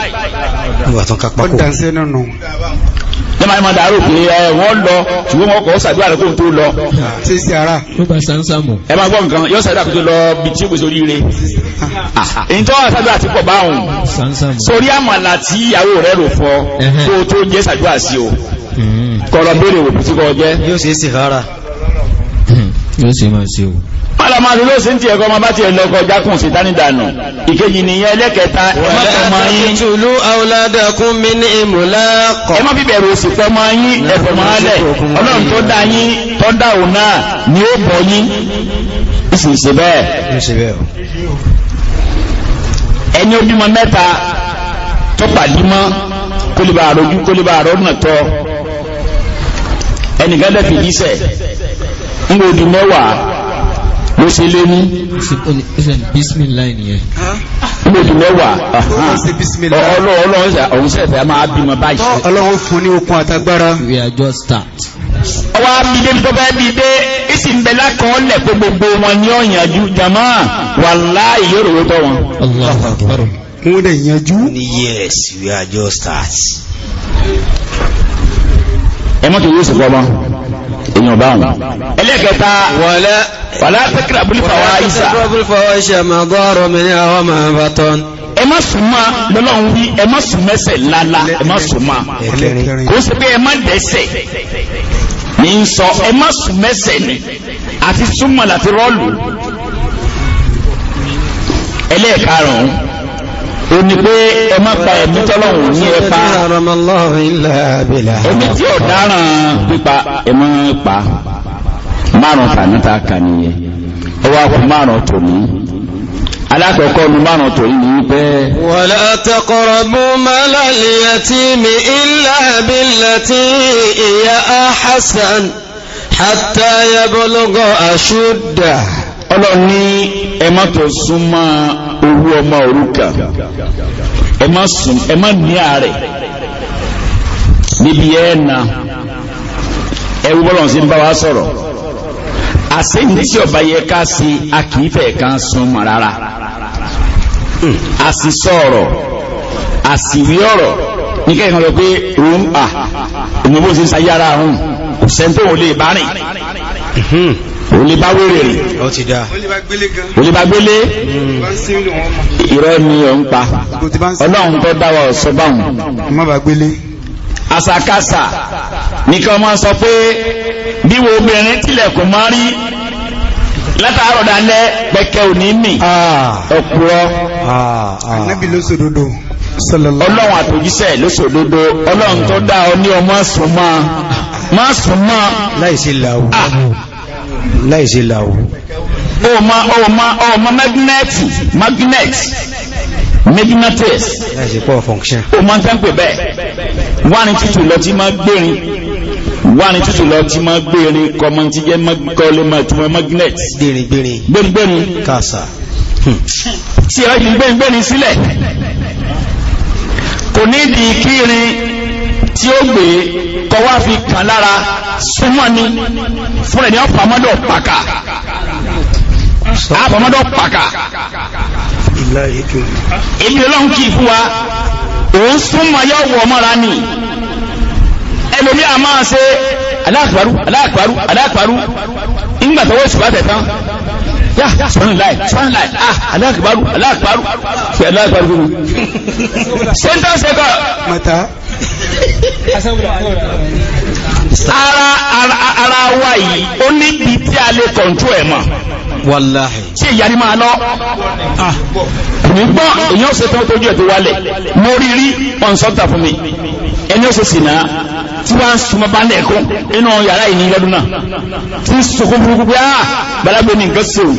ní máa ń dàárò pé ẹ wọ́n lọ ṣùgbọ́n wọn kọ́ sàdúrà rẹ̀ kó tó lọ. sísè ara. ló bá sàǹsàmù. ẹ máa gbọ́ nǹkan yóò sàdúrà kó tó lọ bí tí ó gbèsè a ìtọ́ sàdúrà ti pọ̀ báwọn. sàǹsàmù. sórí àmàlà tí ìyàwó rẹ̀ rò fọ kó tó jẹ́ sàdúrà sí o. Hmm. kọ̀rọ̀ béèrè òkú tí kò jẹ́. yóò ṣe é hmm. yóò ṣe máa ṣe o. alamari ló sì ń tiẹ̀ kọ́ ma bá tiẹ̀ lọ́kọ̀ jákùn sí tánidànù ìkejì nìyẹn ẹlẹ́kẹta ẹmọ́fọmọ yín tùlú awladakum min imlaq ẹmọ́ bíbẹ̀rù òsì ọlọ́run tó dá yín tó dá òun náà ni ó bọ̀ yín ìsìnsì bẹ́ẹ̀ ẹni mẹ́ta tó kólébà kólébà ẹnìkan ń gbòdì mẹ́wàá ló ṣe lé ní ìgbòdì mẹ́wàá ọlọ́run sẹ̀fẹ̀ máa bímọ báyìí ọlọ́run fún ní okun àtagbára ọwọ́ abídé tó fẹ́ bídé ìsì ń bẹ lákọọ́lẹ̀ pé gbogbo wọn ní ọ̀yànjú jama wà láì yóò rò tọ́ wọn wọ́n dẹ̀ yanjú yes we are just start ẹmọ́ tó yóò sì pọ́ mọ́ èèyàn báwọn ẹlẹ́kẹta wọlé wàlá tẹ́kìrà bú ẹ má súnmọ́ lọ́lọ́run wí ẹ má sún mẹ́sẹ̀ lálá ẹ má súnmọ́ kò sí pé ẹ má dẹ́sẹ̀ ní ń sọ ẹ má sún mẹ́sẹ̀ ni àti súnmọ́ láti rọ́ọ̀lù ẹlẹ́ẹ̀karùn-ún ó ní pé ẹ má pa ẹ̀mí tọ́lọ́run ní ẹpa ẹ̀mí tí ò dáràn pípa ẹ pa márùn tàní ta kà nìyẹn ọwọ́ akọ márùn tòní alákọ̀ọ́kọ́ ní márùn tòní ní pé wala taqrabu malal yatimi illa billati hiya ahsan hatta yablugha ashuddah ọlọ́run ní ẹ má tó súnmọ́ owó ọmọ òrukàn ẹ ní ààrẹ níbi ẹ̀ na bọ́lọ̀ sí bá wa sọ̀rọ̀ àṣẹ́ntí ọba yẹ ká sí akìífẹ́ kan súnmọ́ rárá àṣìṣọ́ hmm. ọ̀rọ̀ àṣìwí ọ̀rọ̀ ní kẹ́kàn lọ pé òun à òun bó ṣe ń sayé ara òun kò sẹ́ńtò hmm. òun lè bá rìn òun lè bá wèrè rìn òun lè bá gbélé irọ́ ni òun pa ọlọ́run tó dáwọ́ sọ báwọn àṣàkáṣà nìkan máa sọ pé bí wo obìnrin tilẹ̀kùn máa rí látàárọ̀ dalẹ́ pẹ̀kẹ́ òní mì ah. ọ̀pùrọ̀ anábì ah, ah. ló sòdodo ọlọ́run àtòjíṣẹ́ ló sòdodo ọlọ́run tó dá ọ ní ọmọ súnmọ́ má súnmọ́ láìsí làwù láìsí làwù ọmọ ọmọ ọmọ magnẹ́tì magnẹ́tì magnetis ọmọ tẹ́ ń pè bẹ́ẹ̀ wọ́n á ní títù lọ tí gbérin wà ní tútù lọ tí máa gbére kọmọ tí jẹ́ kọ́lé máa tí wọ́n magnet gbẹ̀rìngbẹ̀rìn kàṣà tí ẹ̀rọ yìí gbẹ̀rìngbẹ̀rìn sílẹ̀ kò nídìí kírin tí ó gbé kọ wá fi kàn lára súnmọ́ ni fún ẹ̀dẹ́ ọ̀pàmọ́dọ̀ pàkà àpàmọ́dọ̀ pàkà ìlú ọlọ́run kì í fún wa òun súnmọ́ yọ mọ́ra ni ẹlòmí a máa ṣe aláàkparú aláàkparú aláàkparú ìgbàtọwọ́ ìṣùgbàtẹ̀ tán yá sọ́nláì sọ́nláì ah aláàkparú aláàkparú gbogbo ṣẹ́ntọ́ ṣẹ́kọ̀ mata ara ara wa yìí ó níbi tí a lè kọ̀ntú ẹ̀ mọ̀ wàláhì tí ìyàrí máa lọ nígbọ́n ah, èyàn ṣe tó tójú ẹ̀ tó wálẹ̀ mo rí rí ọ̀nsọ́ta fún mi ẹni ó ṣe sì náà tí wọ́n ń súnmọ́ bá lẹ́ẹ̀kọ́ inú yàrá ìní lọ́dún náà tí ń sọkún burúkú pé áà ah, balagbé ní nǹkan sí òun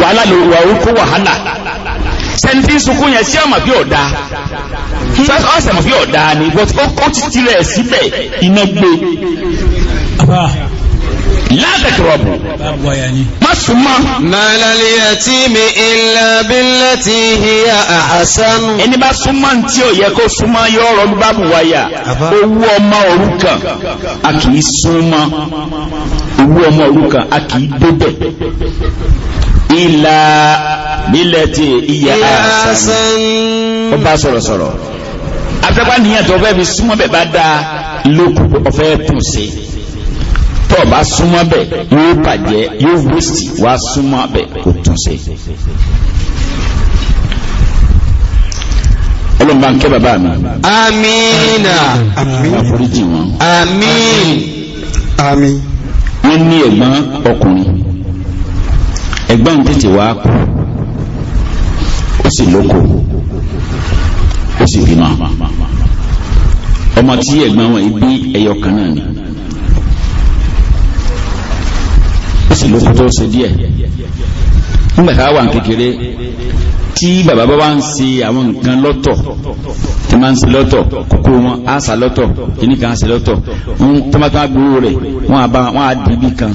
wàhálà ló wà ó kó wàhálà sẹ́ńtì sunkún yẹn sí ọmọ bí ọ̀dà ọ̀sẹ̀ mọ̀ bí ọ̀dà ni but ó ti tilẹ̀ síbẹ̀ iná gbé látẹ̀kìrọ̀bù mọ́sùmọ́ màlàlìyàtìmì ìlàbílẹ̀tì hìyà àhásánù ẹni bá súnmọ́ tí ó yẹ kó súnmọ́ yọ ọ̀rọ̀ bábù wáyà owó ọmọ òrukàn a kìí súnmọ́ owó ọmọ òrukàn a kìí débẹ̀ ìlà bílẹ̀tì hìyà àhásánù ó bá sọ̀rọ̀sọ̀rọ̀ afẹ́pá nìyàn tó fẹ́ fi súnmọ́ bẹ̀ bá dáa lókùn ọ̀fẹ́ tún sí i tọ́ ọ bá súnmọ́ bẹ̀ yóò bàjẹ́ yóò wíṣì wá súnmọ́ bẹ̀ kò tún ṣe. ọlọ́mọba ń bàbá mi. amiina. amiina. àforíjì wọn. amiin. amiin. wọ́n ní ẹ̀gbọ́n ọkùnrin ẹ̀gbọ́n tètè wá kú ó sì lóko ó sì bímọ ọmọ tí ẹ̀gbọ́n wọn ibi ẹyọ kan náà ni. ó sì lókun tó ṣe díẹ̀ nígbà tá a wà kékeré tí bàbá bá wá ń ṣe àwọn nǹkan lọ́tọ̀ tí máa ń ṣe lọ́tọ̀ kókó wọn á sà lọ́tọ̀ kìíní kan á ṣe lọ́tọ̀ tọ́mátọ́má gbowó rẹ̀ wọ́n á bá wọ́n kan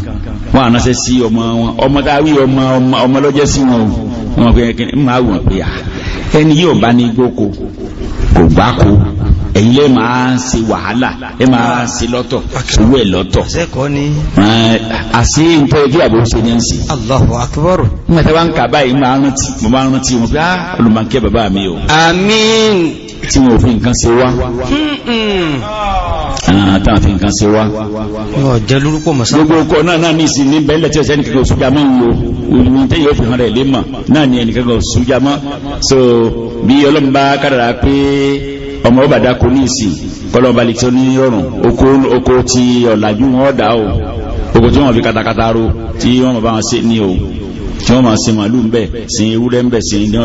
wọ́n á ránṣẹ́ sí ọmọ wọn ọmọ tá a rí ọmọ ọmọ lọ́jẹ́ sí wọn o wọ́n pe ẹni máa wọ̀n pé ẹni yóò bá ní gbóko kò gbáko ẹ̀yin lè máa ṣe wàhálà ẹ máa ṣe lọ́tọ̀ owó ẹ̀ lọ́tọ̀ àṣí nǹkan ẹgbẹ́ àbò ṣe ní ẹ̀sìn. Allahu akbar. nígbà tí wọ́n ń kà báyìí máa ń rántí mo máa ń rántí wọn pé ah olùmọ̀kẹ́ bàbá mi o. àmín. tí wọn ò fi nǹkan ṣe wá. Ah, táwọn fi nǹkan ṣe wá. ọ̀jẹ̀ lórúkọ mọ̀sá. gbogbo ọkọ̀ náà náà ní ìsìn ní bẹ́ẹ̀lẹ̀ tí ọ̀sẹ̀ nìkan sójà mọ́ ń lo so bí ọlọ́mùbá ọmọ ọba dákò ní ìsìn kọlọ ọba lẹ́tọ́ ní ọrùn oko ti ọ̀làjú wọn dà o oko tí wọ́n fi katakata ro tí wọ́n bá wọn ṣe ní o tí wọ́n máa ṣe màálù ń bẹ̀ sí ewúrẹ́ ń bẹ̀ sí iná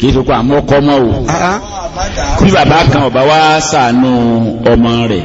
kí tó kọ́ mọ́ o bí bàbá kan ọba wá ṣàánú ọmọ rẹ̀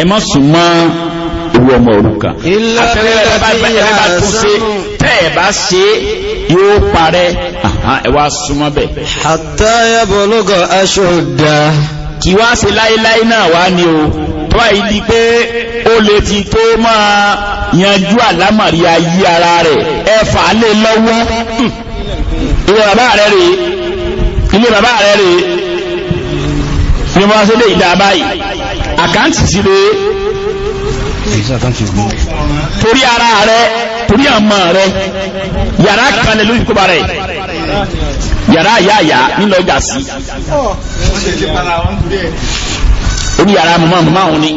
ẹ má sùn mọ́ owó ọmọ òrukàn àfẹ́rẹ́ bá tún ṣe tẹ́ ẹ bá ṣe yóò parẹ́ ẹ wá súnmọ́ bẹ̀. àtàyà bọ̀lọ́gọ̀ aṣọ òdà. kì wá ṣe láéláé náà wá ní o tó àyè di pé ó lè ti tó máa yanjú àlámàrí ayé ara rẹ̀ ẹ fà á lè lọ́wọ́ ilé bàbá rẹ̀ rèé ilé bàbá rẹ̀ rèé ni wọ́n ṣe lè dá báyìí àkáǹtì sí rẹ̀ torí ara rẹ̀ torí àmà rẹ̀ yàrá kanlẹ̀ lójú kó bá rẹ̀ yàrá yáyà nílò ọjà sí orí yàrá mọ̀mọ́ mọ̀mọ́ òun ni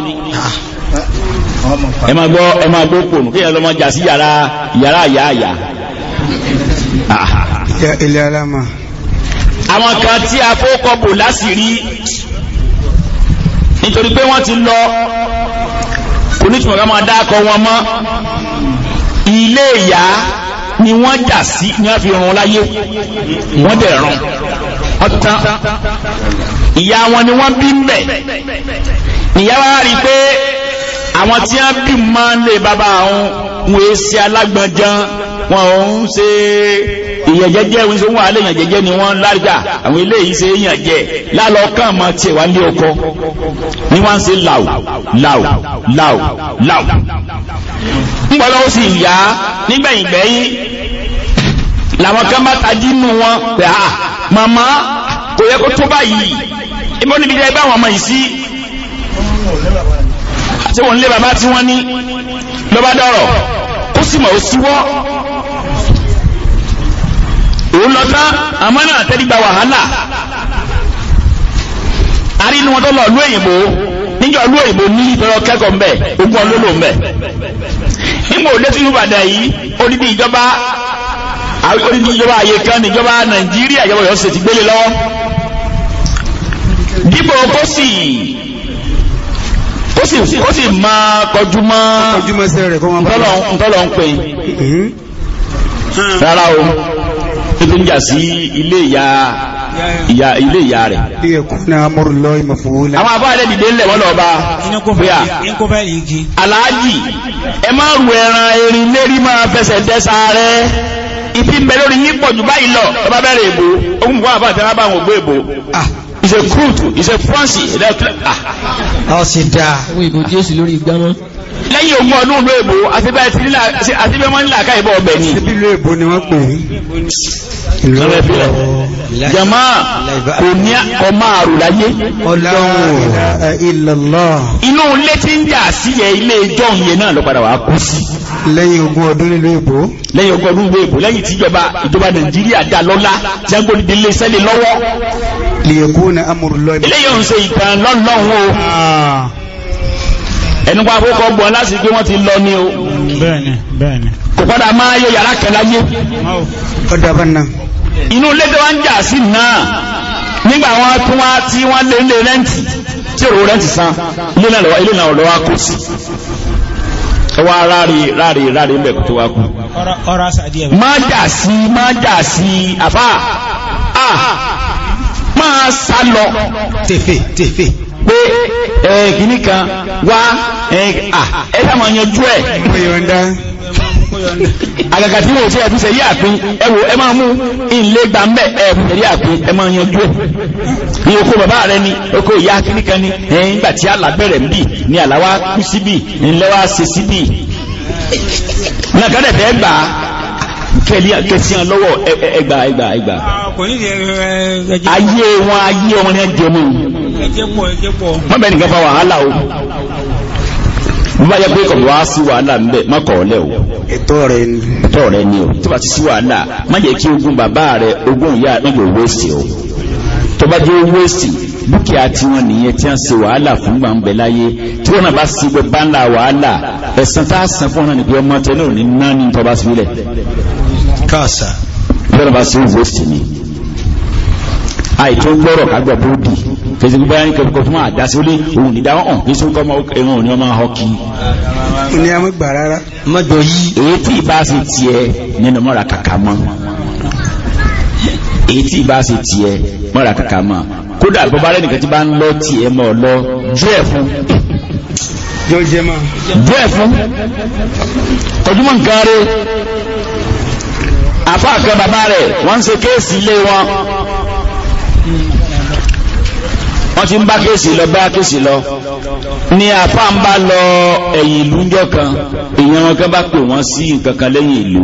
ẹ máa gbọ́ ẹ máa gbọ́ pònù kí ẹ lọ́mọ jà sí yàrá yàrá yáyà ilé alama àwọn kan tí a fó kọbù lásìrí nítorí pé wọ́n ti lọ kò ní túnmọ̀ ká máa dákọ̀ wọn mọ́ ilé ìyá ni wọ́n jà sí ní wọ́n fi rún láyé wọ́n dẹ̀ rún ọ̀tán ìyá wọn ni wọ́n bí mbẹ̀ ìyá wa rí pé àwọn tí wọ́n bí máa ń lè bàbá àwọn wọ́n èsì alágbọ̀njàn wọn ò ń ṣe ìyẹn jẹ́jẹ́ wọn ṣe wọn àléyàn jẹ́jẹ́ ni wọ́n lájà àwọn eléyìí ṣe yàn jẹ́ lálọ́ kàn máa tiẹ̀ wá lé ọkọ ni wọ́n ṣe làw làw làw làw. ń bọ́ lọ́wọ́ sì yá nígbẹ̀yìn gbẹ̀yìn làwọn kan bá tají nù wọn pé à ah, màmá kò yẹ kó tó báyìí ibo níbi jẹ́ báwọn ọmọ yìí sí àti wọn lé bàbá tí wọ́n ní lọ́ba dọ̀rọ̀ kó sì mọ̀ ó síwọ́ òun lọ́tá àmọ́ náà tẹ́lígba wàhálà arínú wọn tó lọ lú èyìnbó níjọ lú èyìnbó ní ìtọ́rọ kẹ́kọ̀ọ́ mbẹ ogún ọlọ́lọ́ mbẹ nígbà òde tí ìbàdàn yìí odidi ìjọba odidi ìjọba àyè kan níjọba nàìjíríà ìjọba Ọ̀yọ́ sì ti gbélé lọ́wọ́ dípò kó sì ó sì ó sì máa kọjú mọ́ ntọ́lọ̀ ń pè rárá o tó tó ń jà sí ilé ìyá rẹ̀. àwọn abáàlẹ̀ dìde ńlẹ̀ wọ́n lọ́ba aláàjì ẹ má rù ẹran erin lérí máa fẹsẹ̀ dẹ́sà rẹ̀ ibi ń bẹ lórí yín pọ̀ jù báyìí lọ ọba bẹ̀rẹ̀ èbò ogun kan àbá àtẹ́wá bá wọn gbé èbò ìṣe kúrùtù ìṣe fúránsì ìdá ah. ọ̀sìn dáa. owó ìbò tí ó sì lórí ìgbà náà lẹ́yìn ogún ọdún ìlú èbò àti bẹ́ẹ̀ wọ́n ń làkà ọbẹ̀ ni. ìlú èbò ni wọ́n pè é. jama kò ní ọ máa rò láyé. inú ilé tí ń jà sí yẹ ilé ìjọ yẹn náà ló padà wà á kú sí. lẹ́yìn ogún ọdún ìlú èbò. lẹ́yìn ogún ọdún ìlú èbò lẹ́yìn tíjọba ìjọba nàìjíríà dá lọ́lá jágbó ní délé sẹ́lẹ̀ lọ́wọ́. lè kú ní amúrúlọ́ọ̀dì. eléyìí ń ṣe ìtàn lọ́nlọ́run o. Ah ẹnu pa àkókò ọgbọ̀n láti pé wọ́n ti lọ ní o bẹ́ẹ̀ni bẹ́ẹ̀ni kò padà máa yọ yàrá kẹláyé inú ilé tó wá ń jà sí náà nígbà wọn tún wá tí wọ́n lé lé rẹ́ǹtì tí èrò rẹ́ǹtì san ilé náà lọ́wọ́ kò sí ẹwà rárí rárí rárí ilẹ̀ kò tó wá kú má jà sí má jà sí àfáà máa sá lọ tèfè tèfè pé ẹ̀ẹ̀kìní kan wá ẹ̀ẹ́sàmọ̀ yanjú ẹ̀ àgàgà tí wọ́n ṣe ẹ̀bí sẹ̀rí àpín ẹwò ẹ máa mú ilé gbà ń bẹ̀ ẹ̀bí sẹ̀rí àpín ẹ máa yanjú ẹ̀ ní oko bàbá rẹ ni oko ìyá kíníkan ni ẹ̀yìn gbà tí alábẹ̀rẹ̀ ń bì ní àláwá kú síbì ńlẹ́wà ṣe síbì ní fẹ́ gbà á kẹsí hàn lọ́wọ́ ẹgbà ẹgbà ẹgbà ayé wọn ayé ọmọ ní ẹjọ́ mọ́ wọ́n bẹ̀ nìkan fa wàhálà o yẹ pé kọ̀ wá sí wàhálà ń bẹ̀ o ni ni o si ti sí wàhálà má yẹ kí ogún bàbá rẹ ogún o tó bá jẹ́ wéṣì dúkìá tí nìyẹn tí wọ́n ṣe wàhálà fún láyé tí bá wàhálà tá a san fún ọ̀nà nípa ọmọ tẹ́lẹ̀ òní náà ní tọ́ bá sílẹ̀ káàsà bí wọ́n bá gbọ́rọ̀ fèsì gbogbo ayé kẹfẹ́ fún àdásí ó lé òun ní dáwọ́ hàn kí sókọ́ ọmọ ẹran òní ọmọ họkì. ní a mú gbà rárá. mọ́jọ yìí èyí tí ìbá ṣe tiẹ̀ nínú mọ́ra kàkà mọ́ èyí tí ìbá ṣe tiẹ̀ mọ́ra kàkà mọ́ kódà bọ́bá rẹ̀ nìkan tí bá ń lọ tiẹ̀ mọ́ lọ jú fún bẹ́ẹ̀ fún tọjúmọ̀ nǹkan rẹ̀ àfáàkẹ́ bàbá rẹ̀ wọ́n ń ṣe kéèsì ilé wọn wọ́n ti ń bá kéèsì lọ bá kéèsì lọ ni àfáà ń bá lọ ẹ̀yìn ìlú ńjọ́ kan èèyàn wọn kan bá pè wọ́n sí nǹkan kan lẹ́yìn ìlú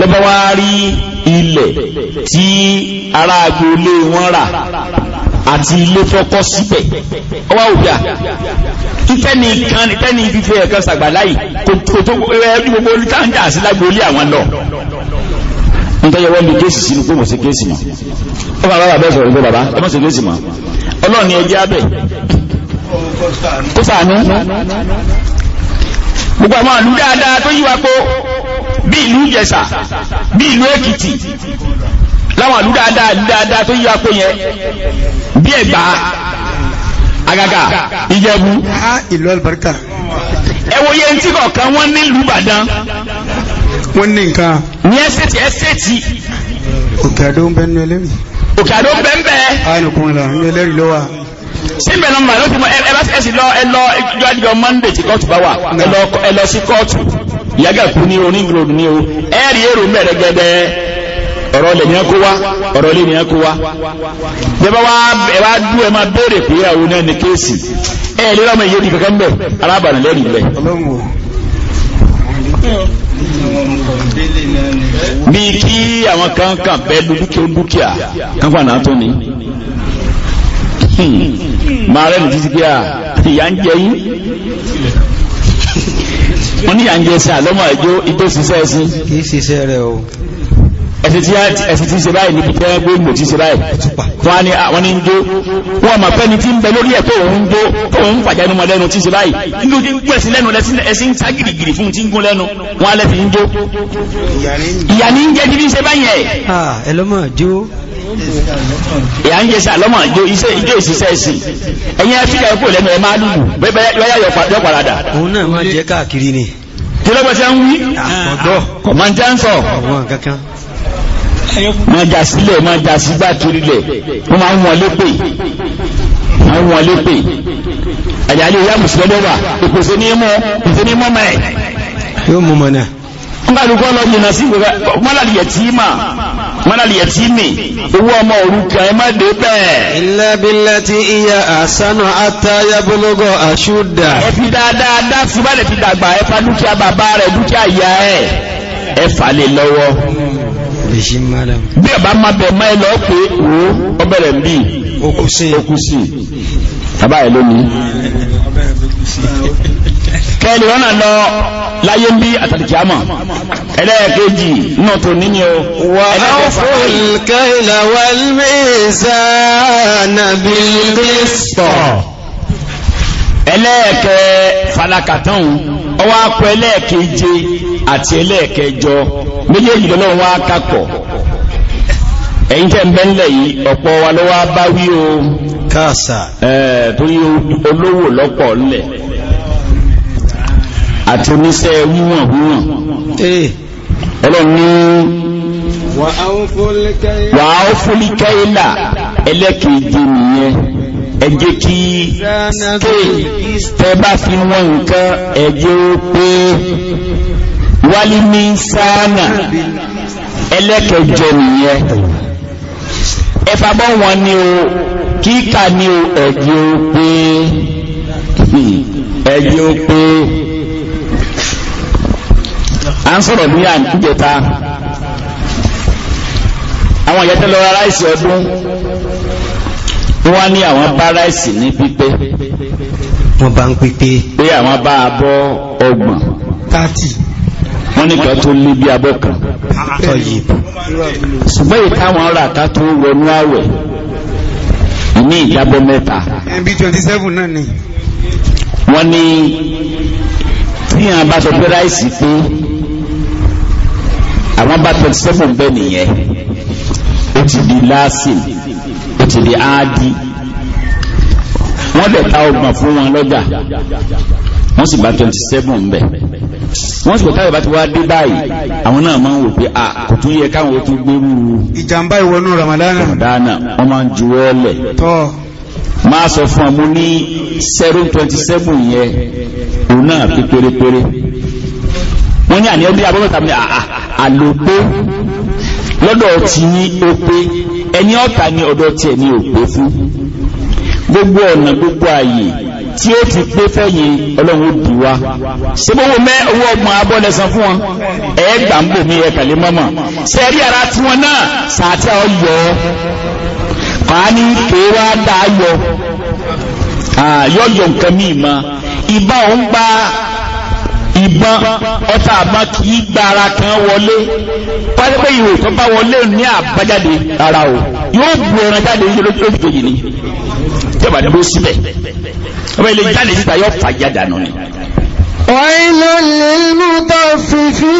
lọ́bọ̀ wá rí ilẹ̀ tí ará agboolé wọn rà àti ilé fọ́kọ́ síbẹ̀ ọwá òbíà ìfẹ́ ni kan ìfẹ́ ni fífẹ́ ẹ̀kan sàgbàláyì kò tó ẹbí gbogbo olùtàǹjà sí lágboolé àwọn lọ nítorí wọn bí kéèsì sínú pé mo ṣe kéèsì mọ́ ọ bàbá bàbá ẹ sọ̀rọ̀ pé bàbá ẹ mọ̀ ṣe kéèsì mọ́ ọlọ́run ni ẹjẹ́ abẹ kó sànú gbogbo àwọn ìlú dáadáa tó yíwa kó bí ìlú Ìjẹ̀ṣà bí ìlú Èkìtì láwọn ìlú dáadáa ìlú dáadáa tó yíwa kó yẹn bí Ẹ̀gbá Àgàgà Ìjẹ̀bú ìlú albarka ntí kọ̀ọ̀kan wọ́n ní ìlú Ìbàdàn wọ́n ní nǹkan ní ẹsẹ̀tì ẹsẹ̀tì òkè àdó ń bẹ́ẹ̀ ní òkè àdó bẹ́ẹ̀bẹ́ ayinukun lọ ní ẹlẹ́rì ló wà síbẹ̀ nọmba ló ti mọ ẹbá ẹsì lọ ẹlọ ìjọ àjọ monday tí kóòtù bá wà ẹlọ sí kóòtù ìyágàkú ní onígbòrò ní o ẹ̀rí èrò mẹ́rẹ̀ gẹ́gẹ́ ọ̀rọ̀ lè ní ẹkú wá ọ̀rọ̀ lè ní ẹkú wá bẹ́ẹ̀ wá ẹ wá dú ẹ máa béèrè pé àwọn náà ní kéèsì ẹ lè lọ́mọ ìyé di kankan bẹ̀ arábànú lẹ́rìí bí kí àwọn kan kàn bẹ́ dúkìá dúkìá kan fà náà tó ni máa rẹ̀ nìtí síkíà ìyá ń jẹ yí wọ́n ní ìyá ń jẹ sí àlọ́mọ̀ ìjó ìjó ṣiṣẹ́ sí kìí ṣiṣẹ́ rẹ̀ o ẹ̀sì tí ṣe báyìí níbi tẹ́ gbé tí ṣe báyìí ah, wọ́n ní ń jó wọ́n ma fẹ́ ni tí ń bẹ lórí ẹ̀ tó ń jó tó ń fàjánú mọ́ lẹ́nu tí ṣe báyìí nílò tí ń gbé ẹ̀sìn lẹ́nu ẹ̀sìn ń sá gìrìgìrì fún tí ń gún lẹ́nu wọ́n alẹ́ fi ń jó ìyà ní ń jẹ́ tí ń ṣe báyìí ẹ̀ ẹlọ́mọ̀ jó ìyà ń jẹ́ sí àlọ́mọ̀ jó iṣẹ́ ijó ìṣiṣẹ́ ẹ̀sìn ẹ̀yìn afíkà ẹ̀kọ́ lẹ́nu ẹ̀ máa lùlù bẹ́ẹ̀ lọ́yà yọ̀ padà òun náà máa jẹ́ káàkiri ni kí lọ́gbọ́n ṣe ń wí kọ̀mọ̀ ń jẹ́ ń sọ máa jà sílẹ̀ máa jà sígbà torí lẹ̀ wọ́n máa ń wọn lépè máa ń wọn lépè àjálù ìyá mùsùlùmí wà ìpèsè ní mọ́ ìpèsè ní mọ́ mẹ́ẹ̀. yóò mú mọ́ náà. ńgbàlùkọ́ lọ mùnà sí ìgbà mọ́làlì yẹtìmà mọ́làlì yẹtìmì owó ọmọ òrukàn ẹ má dé bẹ́ẹ̀. illa billati iya àsánà àtàyà bọ́lọ́gọ̀ àṣùdà. ẹ fi dáadáa dá fi bá lè fi dàgbà ẹ fa dúkìá bàbá rẹ dúkìá ìyá ẹ ẹ fà lè lọ́wọ́ bí ọba má bẹ̀ má ẹ lọ pé wo ọbẹ̀rẹ̀ ń bì okùsì bàbá lónìí kẹ́ẹ̀lì wọn náà lọ láyé ń bí àtàlìkíámà ẹlẹ́ẹ̀kejì náà tó níní o ẹlẹ́ẹ̀kẹ́ falakatán ọwọ́ akọ ẹlẹ́ẹ̀keje àti ẹlẹ́ẹ̀kẹjọ méjèèjì lọ́nà wá kápọ̀ ẹ̀yìn tẹ́ ń bẹ́ ńlẹ̀ yìí ọ̀pọ̀ wa ló wá bá wí o káàsà torí olówó lọ́pọ̀ ńlẹ̀ àti oníṣẹ́ wíwọ̀n wíwọ̀n eh. ọlọ́run ní wàá ó fúlikẹ́ ìlà ẹlẹ́ẹ̀keje nìyẹn ẹ jẹ́ kí stéèjì bá fi wọ́n nǹkan ẹ jẹ́ pé wálí ní sáánà ẹlẹ́kẹjọ nìyẹn ẹfàbọ́ wọn ni o kíkà ni o ẹ̀jẹ́ o pé ẹ̀jẹ́ o pé a ń sọ̀rọ̀ ní àjẹta àwọn ìyẹ́tẹ́lọ́ra láìsí ọdún wọ́n ní àwọn bá ráìsì ní pípé wọ́n bá ń pípé pé àwọn bá abọ́ ọgbọ̀n 30 wọ́n ní kí wọ́n tó lé bí abọ́ kan ṣùgbọ́n yìí táwọn ọ̀rọ̀ àká tó wọnú àwẹ̀ ní ìjábọ̀ mẹ́ta mb 27 náà ni wọ́n ní tí àwọn bá sọ pé ráìsì pé àwọn bá 27 bẹ́ẹ̀ nìyẹn ó ti di láásìlì ti di áádì wọ́n lè ta ọgbọ̀n fún wọn lọ́jà wọ́n sì bá 27 ń bẹ̀ wọ́n sì bọ̀ táyọ̀ bá ti wá dé báyìí àwọn náà máa ń wò pé a kò tún yẹ káwọn ó tún gbérú ìjàmbá ìwọ̀nú ramadana ramadana wọ́n máa ń juwọ́ lẹ̀ máa sọ fún ọmọ ní 727 yẹn òun náà fi pérépéré wọ́n ní àníyàn bí abọ́bọ̀ta mi àlòpé lọ́dọ̀ ti ní ó pé ẹni ọ̀tá ní ọ̀dọ̀ tiẹ̀ ní òpó fún gbogbo ọ̀nà gbogbo ààyè tí ó ti pé fẹ́yìn ọlọ́run òbí wa síbówó mẹ́ owó ọgbọ̀n abọ́lẹ̀sán fún wọn ẹ̀ẹ́gbà ń bò mí ẹ̀kàlẹ́ mọ́mọ́ ṣe rí ara tí wọn náà sàátẹ́ ọyọ fàání kèé wá dáa yọ yọ̀yọ̀ nǹkan míì ma ìbá òun gba ìbọn ọta àbá kì í gba ara kan wọlé pàdépé ìhò tó bá wọlé ní àbájáde ara o yóò bu ẹran jáde yìí lójú kejì ni tí ọba dẹbó síbẹ̀ ọba ilé jáde síta yóò fà já dànù ni. wàá ilé lè mú tó fífi.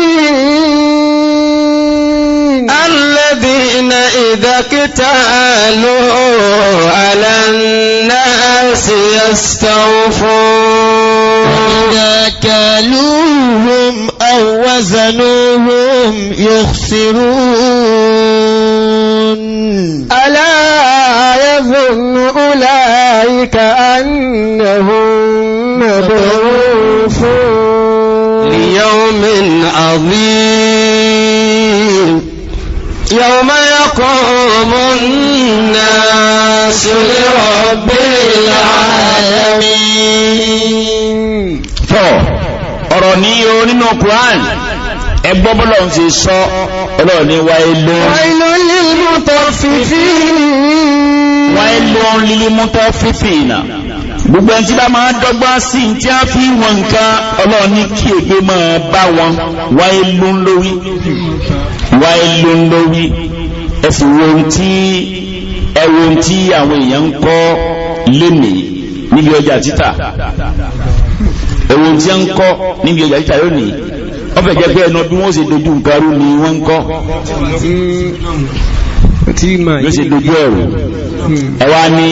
الذين إذا اكتالوا على الناس يستوفون إذا كالوهم أو وزنوهم يخسرون ألا يظن أولئك أنهم مبعوثون ليوم عظيم يوم يقوم الناس لرب العالمين ọ̀rọ̀ ní o nínú Quran ẹgbọ́ bọ́lọ̀ ń fi sọ ọlọ́ ní wáìlú wáìlú lílímútọ́ fífì náà gbogbo ẹni tí bá máa dọ́gba sí i tí a fi wọn nǹkan ọlọ́run ní kí ègbé máa bá wọn wáyé ló ń lórí wáyé ló ń lórí ẹsìn wo ohun tí ẹwọ ohun tí àwọn èèyàn ń kọ́ lénìí níbi ọjà títà ẹwọ ohun tí a ń kọ́ níbi ọjà títà lónìí wọ́n fẹ́ jẹ́ pé ẹnu ọdún wọ́n sì dojú nǹkan rú ni wọ́n ń kọ́ ló sì dojú ẹ̀rù hmm. ẹ̀wá ni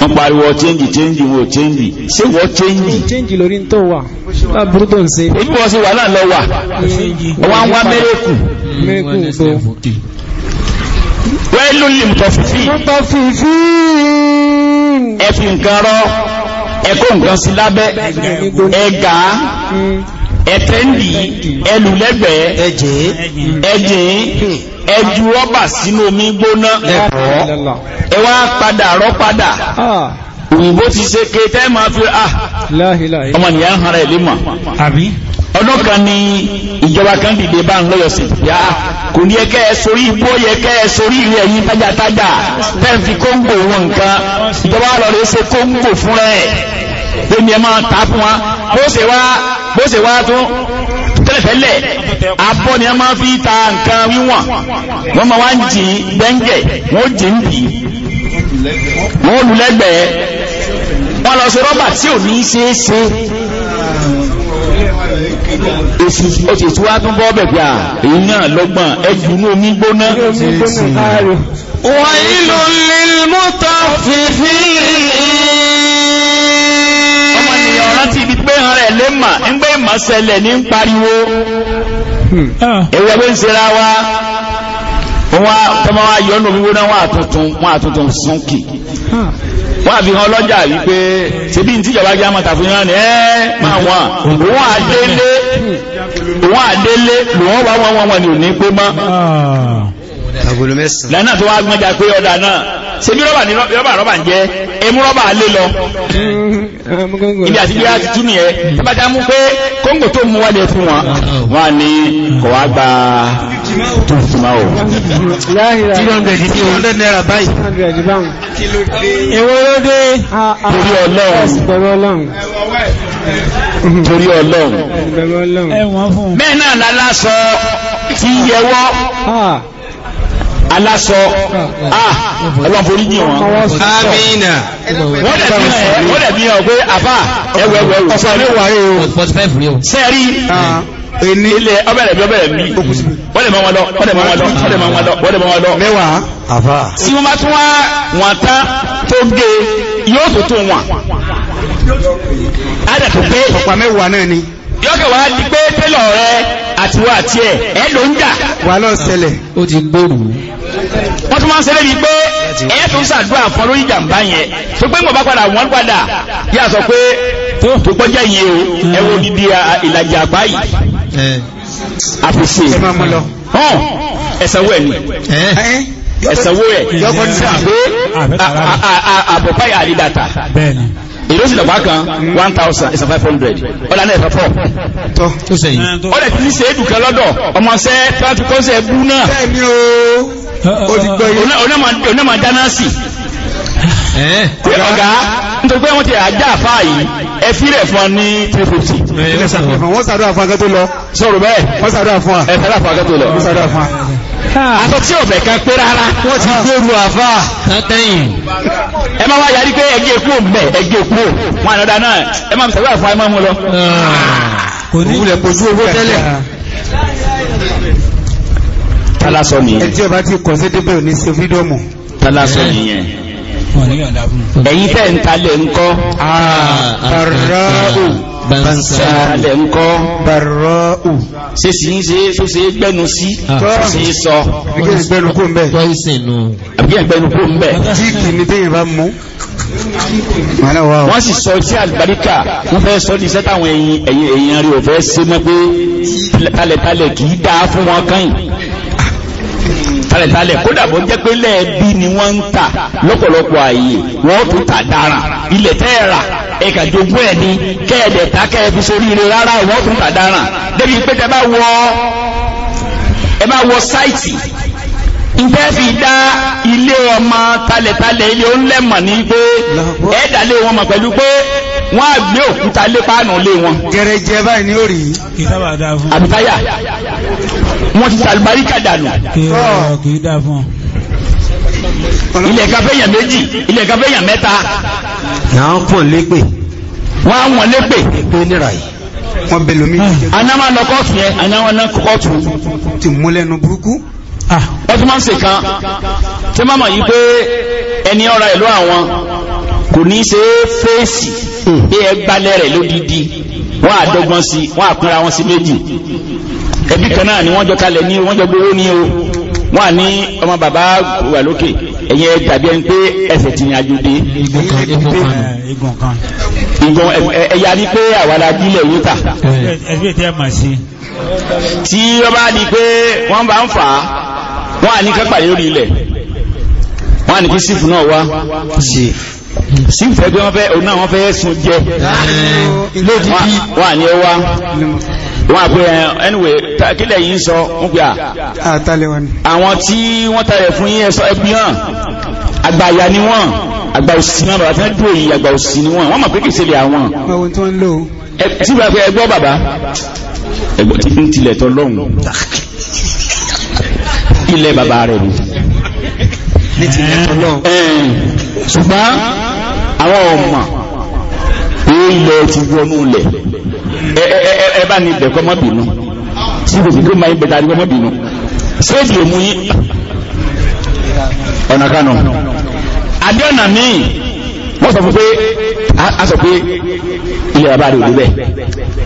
wọ́n pariwo change change wo change ṣé wọ́n change. change lórí tó wà láburú tó ń ṣe. ebi wọ́n ṣe wà náà lọ wà wọ́n ń wá mẹ́rẹ́kù. mẹ́rẹ́kù tó. wẹ́ẹ́lú ẹ̀tẹ́ndì ẹlùlẹ́gbẹ̀ẹ́ ẹjìn ẹjù rọ́bà sínú omi gbóná ẹ̀kọ́ ẹwà padà rọ́padà òyìnbó ti ṣe ké tẹ́ máa fi à ọmọ nìyà ń hara ìlú mọ̀ ọdún kan ní ìjọba kan dìde bá ń lọ́yọ̀ sí yá kò ní ẹkẹ́ ẹ sórí igbó yẹkẹ́ ẹ sórí ilé ẹ̀yìn tájàtájà tẹ́ ń fi kóńgò wọn nǹkan ìjọba lọ ṣe kóńgò fún ẹ̀ pé ní ẹ máa ta fún wa bó ṣe wá bó ṣe wá tún tẹ́lẹ̀tẹ́lẹ̀ abọ́ ni a máa fi ta nǹkan wíwọ̀n wọ́n máa wá ń jì gbẹ́ngẹ̀ wọ́n jì ń bì wọ́n lulẹ́gbẹ̀ẹ́ wọ́n lọ sí rọ́bà tí ò ní ṣe é ṣe èsì òsì tí wá tún bọ́ bẹ̀gbà èyí náà lọ́gbọ̀n ẹjù ní omi gbóná wọ́n ìlú lílmọ́tọ̀ fífí ń rẹ̀ lé mà nígbé ìmọ̀sẹ̀lẹ̀ ní pariwo hmm. ah. ewẹ́wẹ́ ń sera wa wọ́n tọ́mọ́ wa yọ́nù wíwó náà wọ́n àtúntún wọ́n àtúntún súnkì ah. wọ́n àfi hàn lọ́jà wípé ṣebí ní tíjọba jẹ́ àmọ́ta fún yọ́nà ẹ́ máa wọ́n òun àdélé hmm. òun àdélé lòun wà wọ́n wọ́n wọ́n ni ò ní pé mọ́ ah agolo mẹ́sàn lẹ́nà tó wá gbọ́njà pé ọ̀dà náà ṣe bí rọ́bà ní rọ́bà rọ́bà ń jẹ́ ẹmú rọ́bà lé lọ ibi àti ìgbéra ti túnú yẹ tábàjá mú pé kóńgò tó mú wálé fún wọn wọn ní kò wá gba tó fún wa o. three hundred ní o hundred naira báyìí. èwo ló dé. torí ọlọ́run torí ọlọ́run. bẹ́ẹ̀ náà lálá ti yẹwọ́. Ah aláṣọ ọlọ́foríjì ah, wọn amina wọ́n dẹ̀ bí ọ̀ pé àfà ẹwẹ̀wẹ̀ ọ̀fọ̀lẹ́wàrí o sẹ́rí ah, ilẹ̀ ọbẹ̀rẹ̀ bí ọbẹ̀rẹ̀ bí wọ́n dẹ̀ máa wọn lọ wọ́n dẹ̀ máa wọn lọ wọ́n dẹ̀ máa wọn lọ wọ́n dẹ̀ máa wọn lọ mẹ́wàá àfà tí wọ́n bá tún wá wọn tán tó gé yóò tó tó wọn á dẹ̀ tó ni yọ́kẹ̀ wá di pé tẹ́lọ̀ rẹ àti wá àti ẹ̀ ẹ́ ló ń jà wà lọ ṣẹlẹ̀ ó ti gbòòrò wọ́n tún máa ń ṣẹlẹ̀ bíi pé ẹ̀ tó ń ṣàdúrà fún lórí ìjàmbá yẹn tó pé ń bọ̀ padà wọ́n padà yà sọ pé tó kọjá yìí o ẹ wo dídí ìlàjà àpá yìí àfòsè ẹ̀sẹ̀wó ẹ̀ ni ẹ̀sẹ̀wó ẹ̀ yọ́kọ̀ ní sàgbé àbọ̀pá ìhàlídàtà èlò sì lọ́pàá kan one thousand is five hundred ọ̀dà náà ẹ̀fẹ̀ fọ́. tọ́ tó sẹ́yìn. ọ̀dà tí ń ṣe èdùkẹ́ lọ́dọ̀ ọmọ sẹ́ tí kò sẹ́ bú náà. bẹ́ẹ̀ni o uh, uh, uh, olùgbọ́ yìí. onáma dáná sí. Eh? pé ọ̀gá nítorí pé wọ́n ti àjà àfa yìí ẹ fi rẹ̀ fún ọ ní three fifty. Eh, wọ́n sàdúrà fún akẹ́tọ̀ lọ. sọ̀rọ̀ bẹ́ẹ̀. wọ́n sàdúrà fún wa. ẹ sàdúrà fún akẹ́tọ̀ lọ. wọ́n sàdúrà fún wa àtọ́ tí ọ̀bẹ̀ kan pé rárá wọ́n ti gbérù àfá tẹ́yìn ẹ máa wá yàrí pé ẹgbẹ́ ikú mẹ́ ẹgbẹ́ ikú wọn àdọ́dá náà ẹ máa sẹ́gbẹ́ àfá ẹmọ́ mú lọ ah. kò ní ilẹ̀ kojú owó tẹ́lẹ̀ tálásọ nìyẹn ẹjẹ́ ọba ti kọ̀ sí débẹ̀ òní sí fídọ́mù tálásọ nìyẹn ẹ̀yin tẹ́ ń talẹ̀ ńkọ́ ah bàǹsàlẹ̀ ńkọ́ bàrọ́ù ṣe sì ń ṣe tó ṣe gbẹ́nu sí ah. ṣe sọ gbẹ́nu kó ń bẹ̀ jíìkì ní tẹ́yìn bá mú wọ́n sì sọ tí àlùbáríkà wọ́n fẹ́ sọ ní sẹ́tàwọn èèyàn rí ò fẹ́ ṣe mọ́ pé tálẹ̀tálẹ̀ kì í dáa fún wọn káyìn tálẹ̀tálẹ̀ kódà bó jẹ́ pé lẹ́ẹ̀bí ni wọ́n ń tà lọ́pọ̀lọpọ̀ ààyè wọ́n tún tà dára ilẹ̀ tẹ́ẹ̀rà ẹ̀ka jogún ẹ̀ ni kẹ́ẹ̀dẹ̀ta kẹ́ẹ̀fi soríire rárá wọ́n tún tà dára débi pé tẹ bá wọ ẹ bá wọ sáìtì ǹjẹ́ fi dá ilé ọmọ tálẹ̀tálẹ̀ ilé oúnlẹ̀mọ̀ ní pé ẹ̀ẹ́dàlé wọn mọ̀ pẹ̀lú pé wọ́n á gbé òkúta lé páànù lé wọn. gẹ̀rẹ́jẹ báyìí ni ó rí. àbítáyà wọ́n ti sàlùbáríkà dànù ah. ilẹ̀ kafẹ́yàn méjì ilẹ̀ kafẹ́yàn mẹ́ta náà pọ̀ lépè wọ́n á wọ̀n lépè pé nira yìí wọ́n bẹ lómi anáwọ̀ ah. lọ kọ́ọ̀tù yẹn anáwọ̀ lọ kọ́ọ̀tù ti mú lẹ́nu burúkú ah. wọ́n tún máa ń ṣe kan tí máa mọ̀ yí pé ẹni ọ̀ra ìlú àwọn kò ní ṣe é fèsì hmm. pé ẹ gbalẹ̀ rẹ̀ lódìdí wọ́n àdọ́gbọ́n sí wọ́n àpínra wọn sí méjì ẹbí kan náà ni wọ́n jọ kalẹ̀ ní wọ́n jọ gbowó ní o wọ́n à ní ọmọ bàbá wà lókè ẹ̀yẹ dàbí ẹni pé ẹsẹ̀ ti yàn àjòdè ìgbọ̀n ẹ̀yà ní pé àwàdà gílẹ̀ yóò tà tí wọ́n bá di pé wọ́n bá ń fà á wọ́n à ní kápá lórí ilẹ̀ wọ́n à ní kí sífù náà wá sí ìfẹ́ bí wọ́n fẹ́ òun náà wọ́n fẹ́ sun jẹ wà ní ọwá wọ́n àpẹ anyway kílẹ̀ yìí ń sọ wọ́n pè à àwọn tí wọ́n tààrẹ fún yí ẹ̀sọ́ ẹbí hàn àgbàyà ni wọ́n àgbà òsì náà bàbá tí wọ́n dúró yìí àgbà òsì ni wọ́n wọ́n mọ̀ pé kìí ṣẹlẹ̀ àwọn tí wọ́n fẹ́ ẹgbọ́ bàbá ẹgbọ́ tí ń tilẹ̀ tọ́ lọ́hùn ilẹ̀ bàbá rẹ̀ ni ṣùgbọ́n àwọn ọmọ ilẹ̀ ti wọnú ilẹ̀ ẹ bá ní ìbẹ̀kọ́ mọ́bìnú sí kò sí kí ó máa ń bẹ̀ta ní mọ́bìnú séèjì lè mú yí ọ̀nà kanu àbí ọ̀nà míì wọ́n sọ fún pé a sọ pé ilẹ̀ bàbá rẹ̀ olúbẹ̀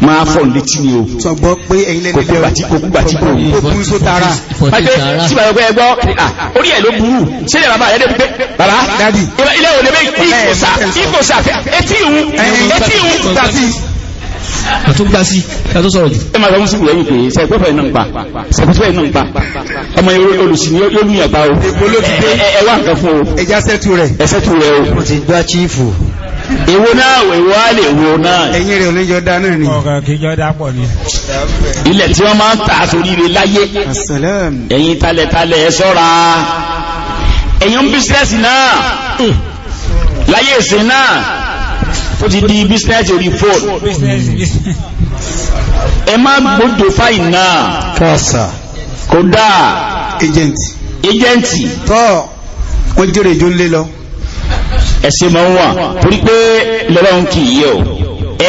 máa fọ́ létí ni o sọgbọ́ pé ẹ̀yin lẹ́nu bẹ̀rẹ̀ kò kú gbàtí kò kú kú só tara pàtẹ́ tí bàbá gbẹ́ gbọ́ orí ẹ̀ ló burú ṣé ilẹ̀ bàbá rẹ̀ dẹ̀ pé bàbá ilẹ̀ òlẹ́bẹ̀ ìkòsà ìkòsà etí ìhun etí ìhun tàbí àtún gbá sí ká tó jù. ẹ máa sọmọ sùkúrù ẹ̀yìn pé sẹpẹfẹ náà ń pa sẹpẹfẹ náà ń pa ọmọ olùsí ni yóò ní ẹgbà o ẹ nǹkan fún o. ẹja sẹ́tù rẹ̀ ẹsẹ́tù rẹ̀ o. ti gbá chiefu. èwo náà èwo á lè wo náà. ẹyin rẹ ò ní náà ni. ọkàn kì í jọdá pọ̀ ni. ilẹ̀ tí wọ́n máa ń ta sórí rẹ̀ láyé. ẹ̀yin talẹ̀talẹ̀ ẹ sọ́ra ẹ̀yin bísíǹsì náà láyé ìsìn náà ó ti di bísínẹ́sì orí fóònù ẹ má gbódò fáìn náà kọ́sà kódà ẹjẹǹtì ẹjẹǹtì tọ́ wọ́n jẹ́rẹ̀ ìjó lé lọ ẹ̀ṣẹ́ ma ń wà torí pé lọ́lọ́run kì í yẹ o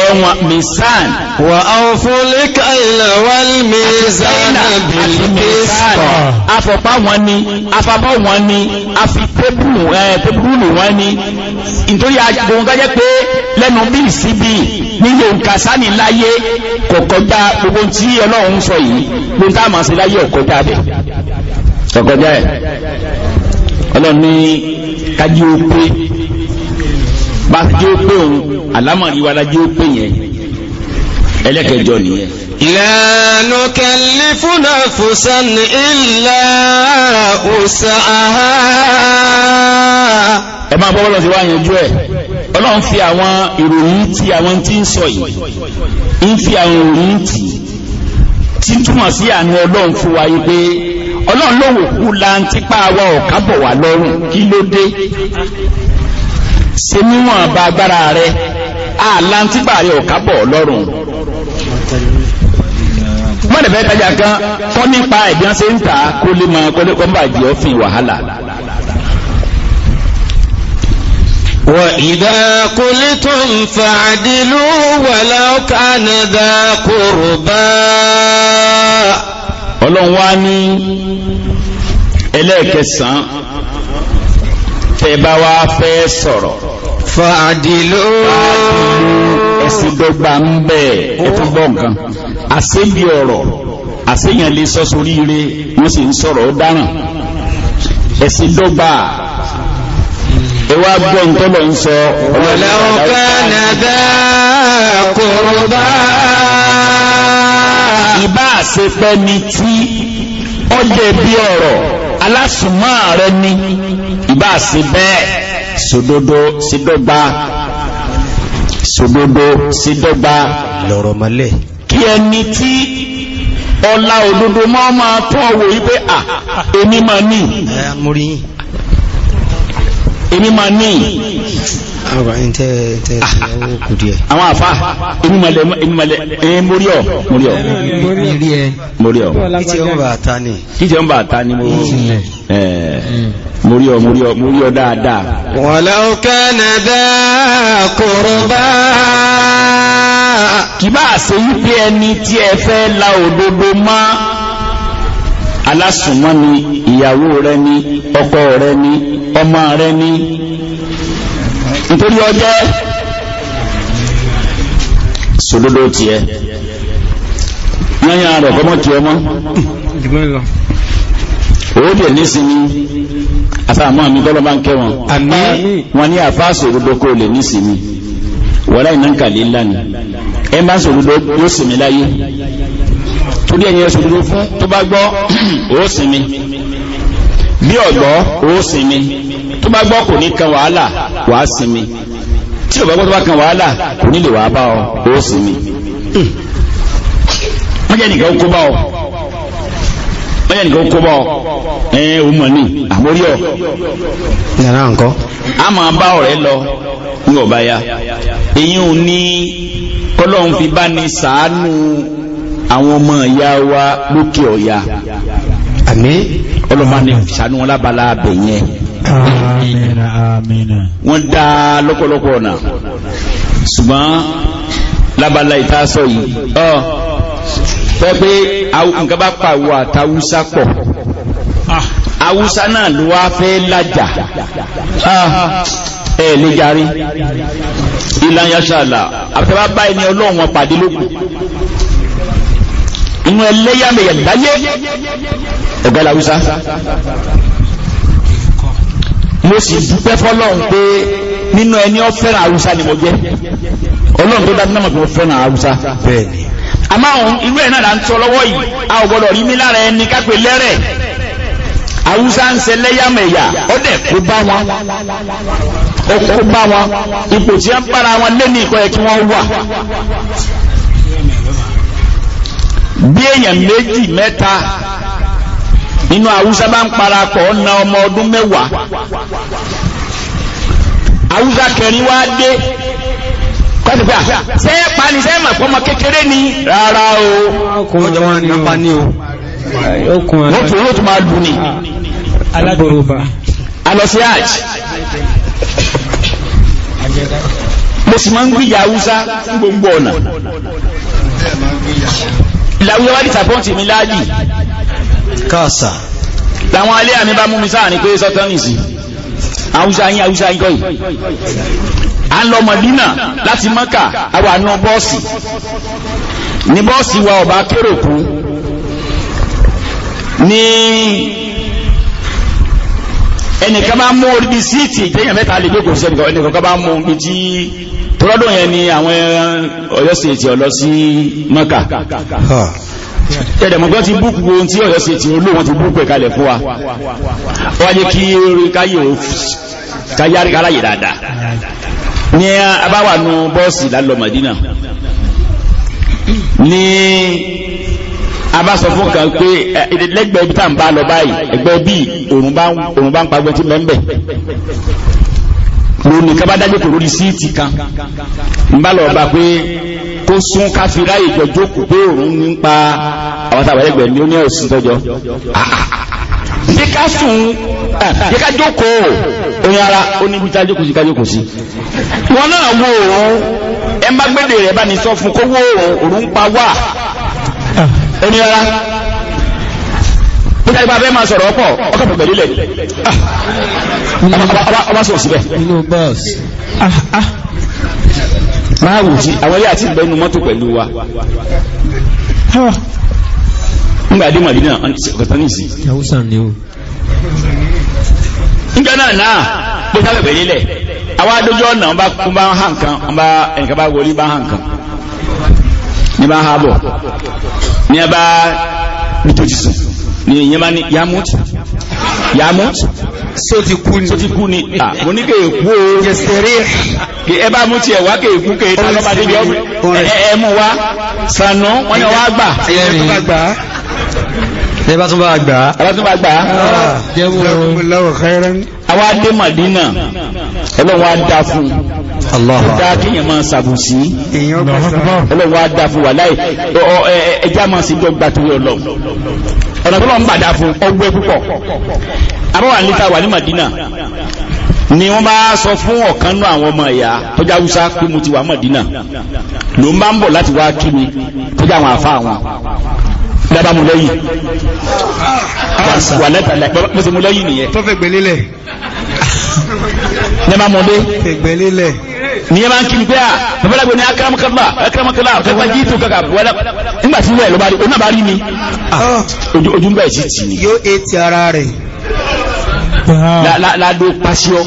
ẹ̀wọ̀n mìsàn wà áwọn fúnlẹ́kà ìlàwọ́n mìsàn afọ̀pá wọn ni afọ̀pá wọn ni afi tébùlù wọn ni nítorí agbóhun kájẹ́ pé lẹ́nu bíi síbi nílò nǹkan sáni láyé kò kọjá gbogbo tí ọlọ́run sọ yìí ló ń táàmà sí láyé ọ̀kọjá bẹ̀ ọ̀kọjá ẹ̀ ọlọ́run ní kájí ó pé bá jí ó pé òun àlámọ̀ríwá la ó pé yẹn ẹlẹ́kẹjọ nìyẹn. لا نكلف نفسا إلا وسعها ẹ máa bọ́bọ́lọ́ sí wá yanjú ẹ̀ ọlọ́run fi àwọn ìròyìn tí àwọn tí ń sọ yìí ń fi àwọn ìròyìn tí tí túmọ̀ sí àánú ọlọ́run fún wa yìí pé ọlọ́run ló wò kú la ń tipa wa ọ̀ká bọ̀ wá lọ́rùn kí ló dé ṣe níwọ̀n bá agbára rẹ̀ àlàntípa rẹ̀ ọ̀ká bọ̀ lọ́rùn wọ́n dẹ̀ fẹ́ tajà kan fọ́ nípa ẹ̀bí wọn ṣe ń ta kó lè mọ kọ́lẹ́kọ́ bá jẹ́ òfin wàhálà. وإذا قلتم فعدلوا ولو كان ذا قربى ọlọ́run wá ní tẹ́ bá wá fẹ́ sọ̀rọ̀ fàdìlú sí dọ́gba ń bẹ́ ẹ̀tún gbọ́ nǹkan àṣẹ́bí ọ̀rọ̀ àṣẹ́yàn lè sọ sórí ire wọ́n sì ń sọ̀rọ̀ dáràn ẹ̀sìn dọ́gba ẹwà gbọ́ nǹkan lọ ń sọ walau kana dha qurba ìbá àṣepẹ́ ni tí ó jẹ̀bi ọ̀rọ̀ alásùnmọ́ rẹ ni ìbá àṣepẹ́ sòdodo sídọ́gba sòdodo sídọ́gba lọ̀rọ̀ mọ́lẹ̀ kí ẹni tí ọlá òdodo máa máa tọ́ wò wípé à èmi máa ní èmi ma ní ah, àwọn àfá èmi ma lẹ èmi ma lẹ ẹ mórí ọ mórí ọ mórí ọ títí ọmọ bá ta ni títí ọmọ bá ta ni mo mórí ọ mórí ọ mórí ọ dáadáa. walau kana dha qurba. kì bá a ṣe yí pé ẹni tí ẹ fẹ́ la òdodo máa alásùnmọ́ ni ìyàwó rẹ ni ọkọ rẹ ni ọmọ rẹ ni nítorí ọjẹ́ sòdodo tiẹ̀ yányá rẹ̀ kọ́mọ́ tiẹ̀ mọ́ òódè nísìnyí àfàmọ́ àmì tọ́lọ́ bá ń kẹ́ wọn wọn ní àfáà sòdodo kó lè nísìnyí wọ́n láì náà kàlí ńlá ni ẹ bá sòdodo yóò sinmi láyé torí ẹ̀yìn ẹ̀sùn fún tó bá gbọ́ ó sinmi bí ọ̀gbọ́ ó sinmi tó bá gbọ́ kò ní kan wàhálà wà á sinmi tí ò bá gbọ́ tó bá kan wàhálà kò wà á bá ọ ó sinmi wọ́n jẹ́ kó bá ọ wọ́n jẹ́ nìkan kó bá ọ ẹ̀ẹ́n ò mọ̀ ní àmórí ọ. yàrá nǹkan. a máa bá ọ̀rẹ́ lọ ní ọ̀bá ya ò ní kọ́lọ́hún fi bá àwọn ọmọ ìyá wa lókè ọ̀yà àmín ọlọ́mọ ni ṣàánú wọn lábala abẹ yẹn àmín àmín wọ́n dá lọ́pọ̀lọpọ̀ ọ̀nà ṣùgbọ́n lábala ìtaṣọ yìí ọ́ fẹ́ pé nǹkan bá pàwọ́ àtàwùsá pọ̀ awúsá ah. náà ló wá fẹ́ lájà ah, ẹ lè jarí ìlànà ṣàlà àfẹ́bá báyìí ni ọlọ́run wọn pàdé lókù inú ẹlẹ́yàmẹ̀yà láyé ọ̀gá làwúsá mo sì dúpẹ́ fọ́lọ́run pé nínú ẹni ó fẹ́ràn ni mo jẹ́ ọlọ́run tó dájú náà mọ̀ pé mo fẹ́ràn haúsá bẹ́ẹ̀ni àmọ́ àwọn irú ẹ̀ náà là ń tọ́ lọ́wọ́ yìí a ò gbọ́dọ̀ rí mi lára ẹni kápẹ́ lẹ́rẹ̀ haúsá ń ṣe lẹ́yàmẹ̀yà ó dẹ̀ kó bá wọn ó kó bá wọn ipò tí wọ́n bára wọn lé ní ìkọ́ ẹ̀ kí wọ́n wà bí èèyàn méjì mẹ́ta nínú haúsá bá ń parapọ̀ na ọmọ ọdún mẹ́wàá haúsá kẹrin wá dé kọ́sìkà ṣé pani ṣé mà fọmọ kékeré ni rárá o ọjọ́ wọn ni wọ́n ní o wọ́n tún wọ́n tún máa lù ní alágbòròbà alọ́sí hajj mo sì máa ń gbìyà haúsá gbogbo ọ̀nà làwùjọ wá disappoint mi láàyè káàsà làwọn alẹ́ àmì bá mú mi sáà ní pé sọ́tọ́ nìsí àwùjọ yín àwùjọ yín gọ́yì à ń lọ mọ̀dínà láti mọ́kà àwọn àná bọ́ọ̀sì ní bọ́ọ̀sì wa ọba kérò kú ní ẹnìkan bá mú orí bí síìtì ìtẹ́yàn mẹ́ta lè gbé sí ẹnìkan bá mú orí tọ́lọ́dọ̀ yẹn ni àwọn ọ̀yọ́ sí ètì ọ̀lọ́ sí mọ́kà ẹ̀dẹ̀mọ̀gbọ́n ti búkú ohun tí ọ̀yọ́ sí ètì olóòwọ́n ti búkú ẹ̀kalẹ̀ fún wa wáyé kí orí káyé káyárí aláyè dáadáa ní abáwà nu bọ́ọ̀sì lálọ́ Mádínà ní abá sọ fún kan pé lẹ́gbẹ̀ẹ́ ibi tá lónìí kan bá dájú kò lórí síìtì kan ń bá lọ bá pé kó sún káfíra ìjọjó kò pé òun nípa àwọn tàbí ẹgbẹ́ ní ó ní òsì tọjọ bí ká sùn bí ká jókòó òun ara ó ní bíta jókòó sí ká sí wọn náà wo òun ẹ má gbédè rẹ bá ní sọ fún kó wo òun òun pa wá ẹni ara. nígbà tí bá máa sọ̀rọ̀ ọ̀pọ̀ ọkọ̀ pẹ̀lú ilẹ̀ ah. ọba sọ̀rọ̀ síbẹ̀. Ah, ah. máa wù sí àwọn ilé àti ìgbẹ́nu mọ́tò pẹ̀lú wa nígbà dé màdínà ní ìsìn. nígbà náà náà àwọn adójú ọ̀nà ọba kún bá hàn kan ọba ẹnìkan bá wọlé bá hàn kan ní bá ní a bá sùn. ni èyàn bá ní yamut yamut so ti kú ni so ti kú ni ah, mo ní kéè kú o yẹsẹrẹ ẹ bá mú tiẹ̀ wá kéè kú kéè tán lọ́ba débi ọ́ ẹ mú wa sànú wọ́n yàn wá gbà ẹ bá tún bá gbà ẹ bá tún bá gbà àwọn adé Madina ẹlọ́wọ́ adá fún ọ̀dá kíyàn máa sàbùsí ẹlọ́wọ́ adá fún wà láì ẹjá máa sí dọ́gba torí ọlọ́ ọ̀nà tó lọ Madina ni wọ́n bá sọ fún ọ̀kan náà àwọn Madina ló ń bá ń bọ̀ láti wá kí dábà mú lẹ́yìn wà lẹ́tàlẹ́ bó ṣe mú lẹ́yìn nìyẹn tó fẹ́ gbẹ̀lélẹ̀ ní ẹmà mọ́dé gbẹ̀lélẹ̀ ní ẹmà ń kiri pé à babalágbé ní akaramakala akaramakala kẹfà jí tó kàkà wẹ́lá nígbà tí wẹ́ẹ̀ ló bá rí oní àbá rí ni ah. ojú ń bẹ̀ sí tì ní. yóò é ti ara rẹ̀ ah. ládó pasíọ́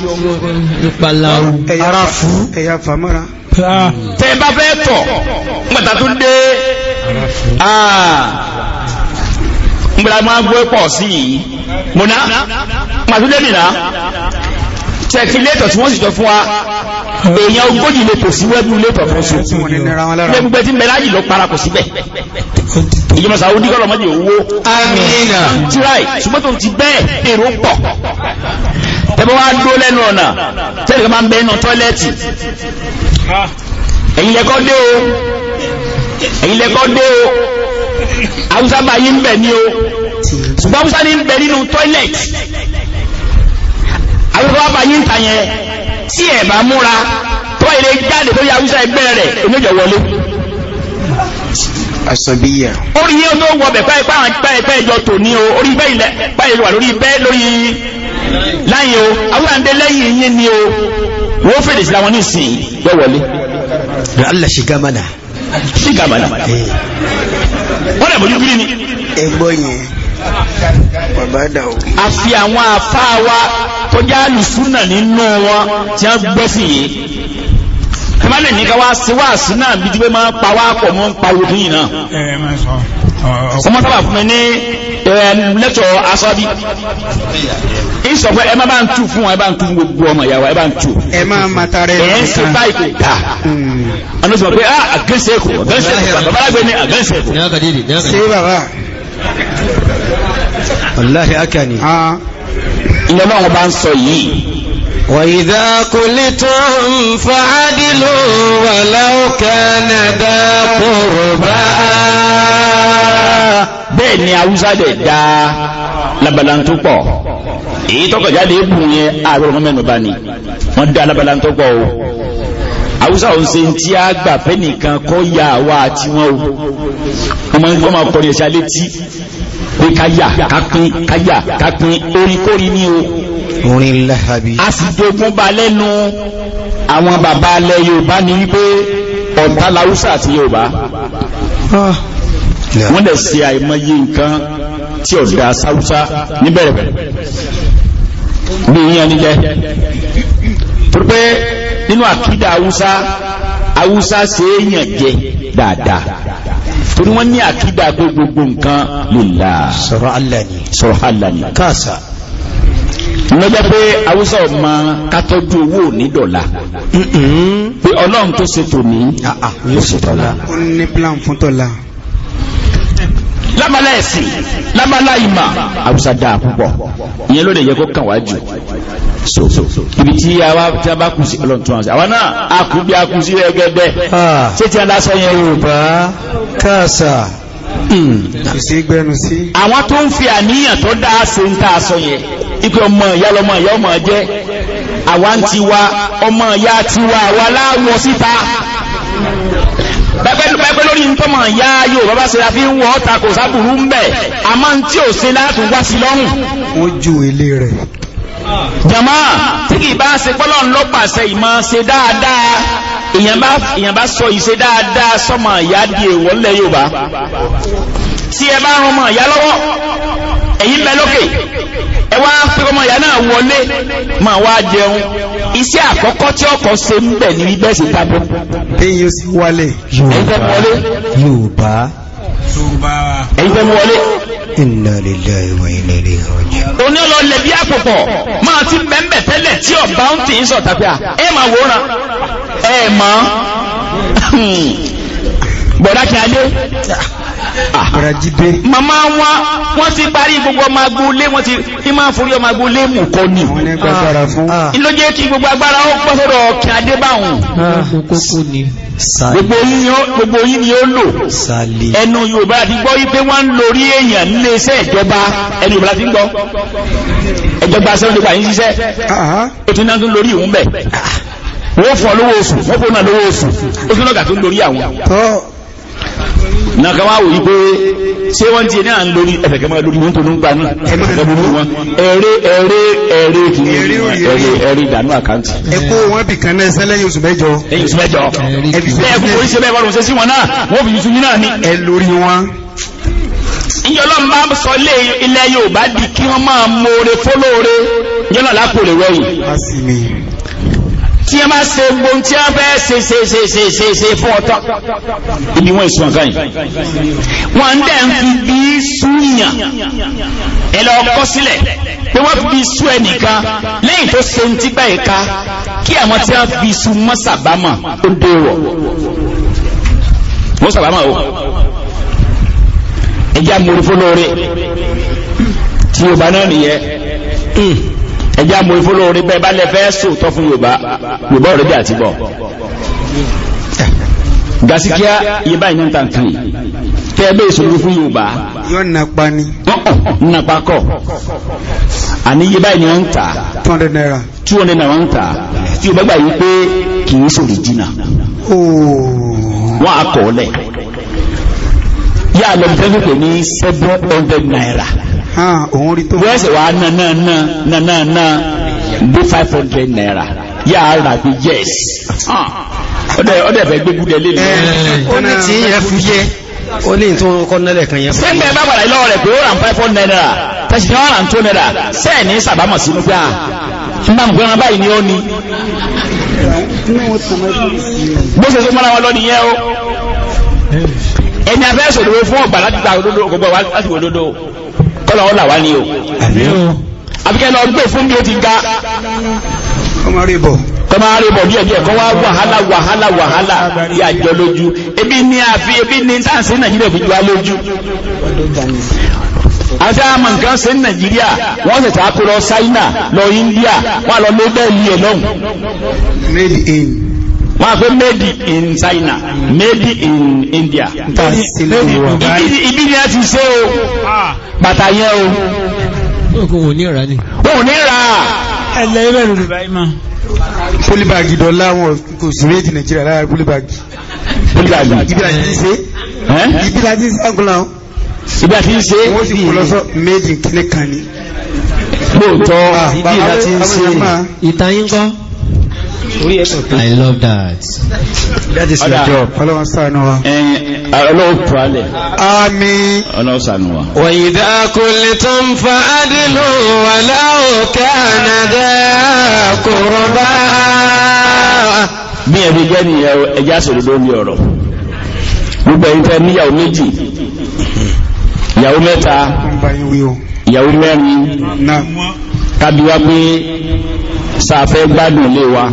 ara fún ẹ̀yà fàmọ́ra ah. tẹ́ bá fẹ́ tọ̀ nígbà tá a tún dé múra máa gbé pọ̀ sí yìí múná màtúndébìnà tẹ̀kílétọ̀ tí wọ́n sì jọ fún wa èèyàn ogójì lè kò sí wẹ́bù létọ̀ fún oṣù lẹ́gbẹ̀ẹ́ tí mẹ́lájì ló para kò síbẹ̀ ìjọba sàwọn oníkọ́lọ̀ mọ́jì owó amina tíráì ṣùgbọ́n tó ti bẹ́ẹ̀ èrò pọ̀ tẹ́bọ́ wá dó lẹ́nu ọ̀nà tẹ́lẹ̀ kan máa ń bẹ́ẹ̀ nà tọ́lẹ́ẹ̀tì ẹ̀yin lẹ́kọ́ dé o ẹ̀yin lẹ́kọ́ dé o haúsá bá yí ń bẹ̀ ní o ṣùgbọ́n haúsá ní ń bẹ̀ nínú toilet haúsá bá yí ń ta yẹn tí ẹ̀ bá múra tó ilé jáde tó yà haúsá ẹgbẹ́ rẹ̀ oníjọ wọlé asọ̀bíyà orí yíò tó wọ bẹ̀ pẹ́ẹ̀pẹ́ ìjọ tò ní o orí bẹ́ẹ̀ ilẹ̀ báyìí wà lórí bẹ́ẹ̀ lórí láyìn o àwọn àǹdẹ lẹ́yìn yín ni o wọ́n fèrè sí àwọn onísìn yọ wọlé. Allah ṣìgámanà. ṣìgámanà. wọ́n lè bójú gírí ni. ẹgbọ́ yẹn bàbá dà o. a fi àwọn afá wa tó já lùsúnà nínú wọn tí a gbọ́ sí yìí kí wọ́n lè ní ká wá sí wáàsí náà bí tí wọ́n máa pa wá pọ̀ mọ́ ń pa fún yìí náà. ọmọ sábà fún mi ní lẹ́tọ̀ asọ́bí ìsọ̀pẹ́ ẹ máa bá ń tù fún ẹ bá ń tù fún gbogbo ọmọ ìyàwó ẹ bá ń tù ẹ máa ma tara báyìí kò dà akani. ìyọ́nà wọn bá وَإِذَا قلتم فعدلوا ولو كان ذا قربى bẹ́ẹ̀ ni awúsá dẹ̀ dá labalantó pọ̀ èyí tọ́kọ̀ jáde ébù yẹn ààrẹ ọmọ mẹ́nu bá ní wọ́n dá labalantó pọ̀ o awúsá ò ń ṣe tí a gbà fẹ́ kọ́ ya àwa àti o ọmọ ìgbọ́n máa kọrin ẹ̀ṣẹ́ alẹ́ tí pé ká yà ká pín ká yà ká pín orí kórí ní o orin lẹ́hàbí. a sì dogun ba lẹ́nu àwọn bàbá alẹ́ yorùbá ní wípé ọ̀tá láwùsà àti yorùbá ah. wọ́n lẹ̀ sí àìmọye nǹkan tí ọ̀dá sáwùsá ní bẹ̀rẹ̀bẹ̀rẹ̀ bí yíyan ní jẹ́ pé nínú àkídà haúsá haúsá ṣe é yàn jẹ dáadáa torí wọ́n ní àkídà gbogbogbò nǹkan lillah sọ̀rọ̀ sọ̀rọ̀ alani káàsà lọ́jọ́ pé awúsá ọmọ kátọ́jú owó ní dọ̀la pé ọlọ́run tó ṣe tò ní yóò ah, ah, ṣe dọ̀la. ó ní plan fún tọ́la. lábala ẹ̀sìn lábala ìmọ̀ awúsá dáa púpọ̀ ìyẹn ló lè yẹ kó kàn wá jù so ibi tí àwa tí a bá kù sí ọlọ́run tó wá sí àwa náà a kù bí a kù sí ẹgẹdẹ ah. ṣé tí a lásán yẹn. yorùbá káàsà àwọn tó ń fi àníyàn tó dáa sí ń tà sọ yẹn ipe ọmọ ìyá lọmọ ìyá ọmọ jẹ́ àwa ń tiwa ọmọ ìyá tiwa àwa láwọ síta pẹ́pẹ́ lórí tọ́mọ̀ ya yóò bàbá sí láti ń wọ́ ọ́ta kò sábùrú ń bẹ̀ a máa ń tí ò sí látún wá jama tí kì bá ṣe pọ́lọ̀ ń lọ pàṣẹ ìmọ̀ ṣe dáadáa èyàn bá sọ ìṣe dáadáa sọmọ ìyá di èèwọ̀ ńlẹ̀ Yorùbá tí ẹ bá rún mọ ìyá lọ́wọ́ ẹ̀yin bẹ lókè ẹ wá pé ọmọ ìyá náà wọlé mà wá jẹun iṣẹ́ àkọ́kọ́ tí ọkọ̀ ṣe ń bẹ̀ ní bẹ́ẹ̀ sì tábọ̀. èyí ó sì wálé Yorùbá Yorùbá ẹ̀yin fẹ́ wọlé Inna lillahi wa inna ilayhi raji'un. Oní ọlọ́lẹ̀ bí àpòpọ̀ máa ti bẹ̀m̀bẹ̀ tẹ́lẹ̀ tí ọ̀bá ń ti ń sọ tàbí à. Ẹ máa wòran. Ẹ máa. Hmm. Bọ̀dá kí màmá wọn wọ́n ti parí gbogbo ọmọ agboolé wọ́n ti ní máa forí ọmọ agboolé mú kọ ní ah, ah. ìlójẹ́ kí gbogbo agbára ó pọ́ sọ́dọ̀ ọkẹ́ adébáhùn ah. gbogbo yìí ni ó lò ẹnu yorùbá ti gbọ́ wípé wọ́n ń lórí èèyàn nílé iṣẹ́ ìjọba ẹnu yorùbá ti ń gbọ́ ẹjọba sẹ́wọ́n nípa yìí ṣiṣẹ́ ó ti náà tún lórí ìhùn bẹ̀ wọ́n fọ́ lówó oṣù wọ́n fọ́ náà lówó oṣù ó tún lọ́gà tó ń lórí àwọn na kan wá wòye pé ṣé wọ́n ti ní à ń lórí ẹ̀fẹ̀kẹ́ máa lórí wọn tó ń gbà náà ẹ̀bùrú wọn ẹ̀rẹ́ ẹ̀rẹ́ ẹ̀rẹ́ kì í ẹ̀rẹ́ ẹ̀rẹ́ ìdànù àkáǹtì. ẹ kó wọn bì kan náà sẹ́lẹ̀yìn oṣù mẹ́jọ. lẹ́yìn oṣù mẹ́jọ ẹ kú oríṣi bẹ́ẹ̀ bọ́dọ̀ ṣe sí wọn náà wọ́n fi yusuf náà ní. ẹ lórí wọn. ìjọlọ́ máa ń sọ ilẹ̀ Yorùbá di kí wọ́n máa mọ̀ọ́rẹ́ fọ́lọ́ọ̀rẹ́ yọ́nà lápò rẹ̀ wẹ̀yìn tí a máa ṣe gbóhun tí a fẹ́ ṣe ṣe ṣe ṣe ṣe ṣe fún ọ̀tọ̀ ibi wọn ìsúnmọ̀ káyìn wọn ń dẹ̀ ń fi bí súnyà ẹ lọ kọ́ sílẹ̀ pé wọ́n fi sú ẹnìkan lẹ́yìn tó ṣe ń tígbà ìka kí àwọn tí a fi sú mọ́sàbámà ó dé wọ̀ mọ́sàbámà o ẹja mọ̀rúfó lóore tí yorùbá náà nìyẹn ẹjá mú ifó lóore bẹ́ẹ̀ bá lẹ́fẹ́ sòótọ́ fún yorùbá yorùbá òrèdè àti bọ̀ gasikia iye báyìí náà tàn kiri tẹ́ bẹ́ẹ̀ sòótọ́ fún yorùbá. yọ nàpa ni. nàpa kọ àní iye báyìí ni ń tà. two hundred naira. two hundred naira wọ́n ń tà tí yorùbá gbà yí pé kì í sòrí jìnnà. wọ́n á kọ́ ọ lẹ̀ yá lọ́mọdé pé ní seven hundred naira òun rí tó wọ́n sì wá nánánánánáná bí hundred naira yà á rà bí yes ọdẹ ẹ̀fẹ́ gbégúdẹ lè lè ó ní tí yẹn fi yẹ ó ní tó kọ́ nílẹ̀ kan yẹn fún mi. sẹ́ńgbẹ́ bá padà ilọ́ rẹ̀ pé ó rà ń 500 naira tẹ̀sí ni wọ́n rà ń tó naira sẹ́ẹ̀ ní sàbámọ̀ sínú pé à ń bá ń gbé wọn báyìí ni ó ní. bó ṣe tó mọ́ra wọn lọ nìyẹn o ẹni abẹ́ sọ̀rọ̀ fún ọ̀gbà láti gba òdodo ọ̀gbọ̀gbọ̀ kọ́lá ọ̀là wá ní o àbíkẹ́ lọ gbé fún bí ó ti ga kọ́má rí bọ̀ díẹ̀ díẹ̀ kọ́ wá wàhálà wàhálà wàhálà yà jọ lójú ebi ní àfi ebi ní sáàsì nàìjíríà fi jọ lójú àti àmà nǹkan sí nàìjíríà wọ́n sì tàkùrọ̀ ṣáínà lọ india wọ́n lọ lóbẹ́ẹ̀lì ẹ̀ lọ́hùn wọ́n á made in China made in India ibi ni a ti ṣe o ah, bàtà yẹn o òkun ò ní ra ní ò ní ra ẹ̀lẹ́ ìbẹ̀rù rẹ̀ báyìí máa pólíbàgì dọ́lá wọn kò sí méjì Nàìjíríà lára pólíbàgì pólíbàgì ibi àti ṣe ibi àti ṣe àgùnlá wọn ibi àti ṣe wọ́n sì kò lọ́sọ méjì kíní kan ní lóòótọ́ ah, ibi àti ṣe ìtayín kan orí ẹ̀sùn tó. I love that. That is your job. Ọlọ́run sànù wa. Ọlọ́run tó alẹ̀. Àmín. Ọlọ́run sànù wa. Wa idha qultum fa'adlu walau kana dha qurba. Bí ẹbí jẹ́ nìyẹn ẹja sọ̀rọ̀ lórí ọ̀rọ̀. Gbogbo ẹ̀yin fẹ́ níyàwó méjì. Ìyàwó mẹ́ta. Ìyàwó mẹ́rin. Kábíwá pé sàfẹ́ gbádùn lé wa.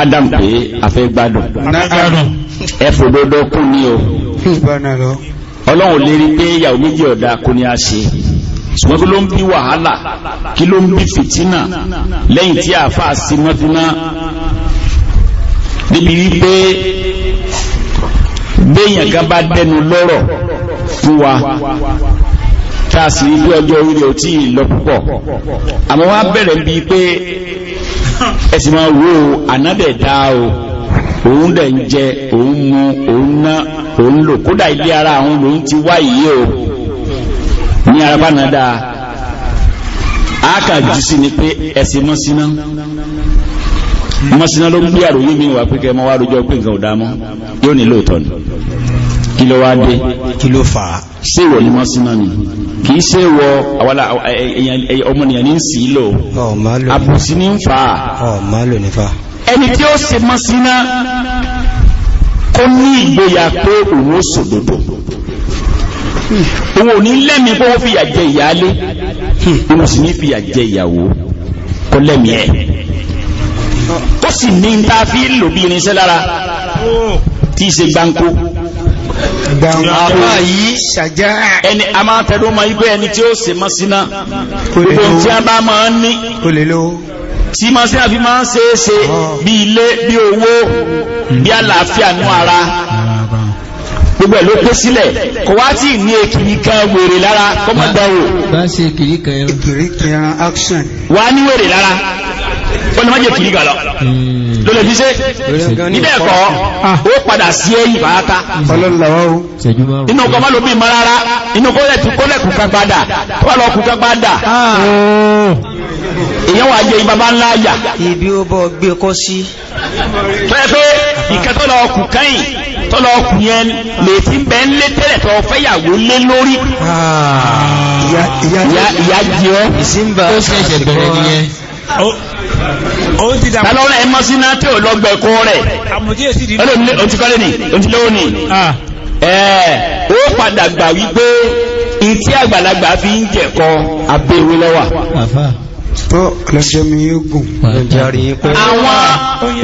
Adam pé afẹ́ gbádùn ẹfò dodo kú ní o ọlọ́run lè rí pé ìyàwó méjì ọ̀dá kú ní a ṣe ṣùgbọ́n kí ló ń bí wàhálà kí ló ń bí fìtínà lẹ́yìn tí àáfà sí mọ́tíná níbi wípé béèyàn kan bá dẹnu lọ́rọ̀ fún wa tá a ọjọ́ orí ò tí ì lọ púpọ̀ àmọ́ wá bẹ̀rẹ̀ bíi pé ẹ̀sì máa wo ànábẹ̀ dá o òun dẹ̀ ń jẹ òun mu òun ná òun lò kódà ilé ara àwọn lòun ti wá yìí o ní araba náà dáa a kà jù sí ni pé ẹ̀sì mọ́síná mọ́síná ló ń bí àròyé mi wà pé kẹ́ mọ́ wá rojọ́ pé nǹkan ò dá mọ́ yóò ní lóòótọ́ kí ló wá dé kí ló fà á síwọ̀ ní wọ́n síná ni kìí síwọ̀ àwọ́lá ọmọnìyàn ní sí lò àbùsí ní ń fà á ẹni tí ó se mọ́ síná kó ní ìgboyà pé òun ó sòdòdò òun ò ní lẹ́mi pé wọ́n fìyà jẹ ìyáálé òun sì ní fìyà jẹ ìyàwó kó lẹ́mi ẹ̀ kó sì ní ta fi lò irinṣẹ́ lára tí í ṣe gbáǹkó àpá yìí ẹni a máa tẹ́lú ma ibẹ́ ẹni tí ó se mọ́ síná gbogbo tí a bá máa ń ní tí máa sí àfi máa ń ṣe é ṣe bí ilé bí owó bí àlàáfíà nú ara gbogbo ẹ̀ ló pé sílẹ̀ kò wá tí ní èkìrí kan wèrè lára kọ́mọ̀dánwò wá ní wèrè lára wọ́n lè má jẹ́ kìí gà lọ hmm. ló lè fi ṣe níbẹ̀ ẹ̀kọ́ ah. ó padà sí ẹ̀yìn bàáta inú kọ́ má ló bí marara inú kó lẹ̀ tí kó lẹ̀ kùkà padà tó ah. wà lọ kùkà padà èyàn wà jẹ́ ibaba ńlá yà ibi ó bọ́ gbé kọ́ sí fẹ́fẹ́ ìkẹtọ́lọ ọkùnkẹ́yìn tọ́lọ ọkùnyẹn lè ti bẹ́ ń lé tẹ́lẹ̀ tọ́ fẹ́yàwó lé lórí ah. ìyá ìsínbà ó ṣẹ̀ṣẹ̀ bẹ̀rẹ̀ nìyẹn ó ti dà lọ́rọ̀ ẹ mọ́ sí náà tí ò lọ́gbẹ̀ kó rẹ̀ ó ti kọ́lé ní ó ti lówó ní ó padà gbà wípé ìtí àgbàlagbà fi ń jẹ̀kọ abéwé lọ́wà tó lọ́jọ́ mi yóò gùn lọ́jọ́ rí pẹ́ àwọn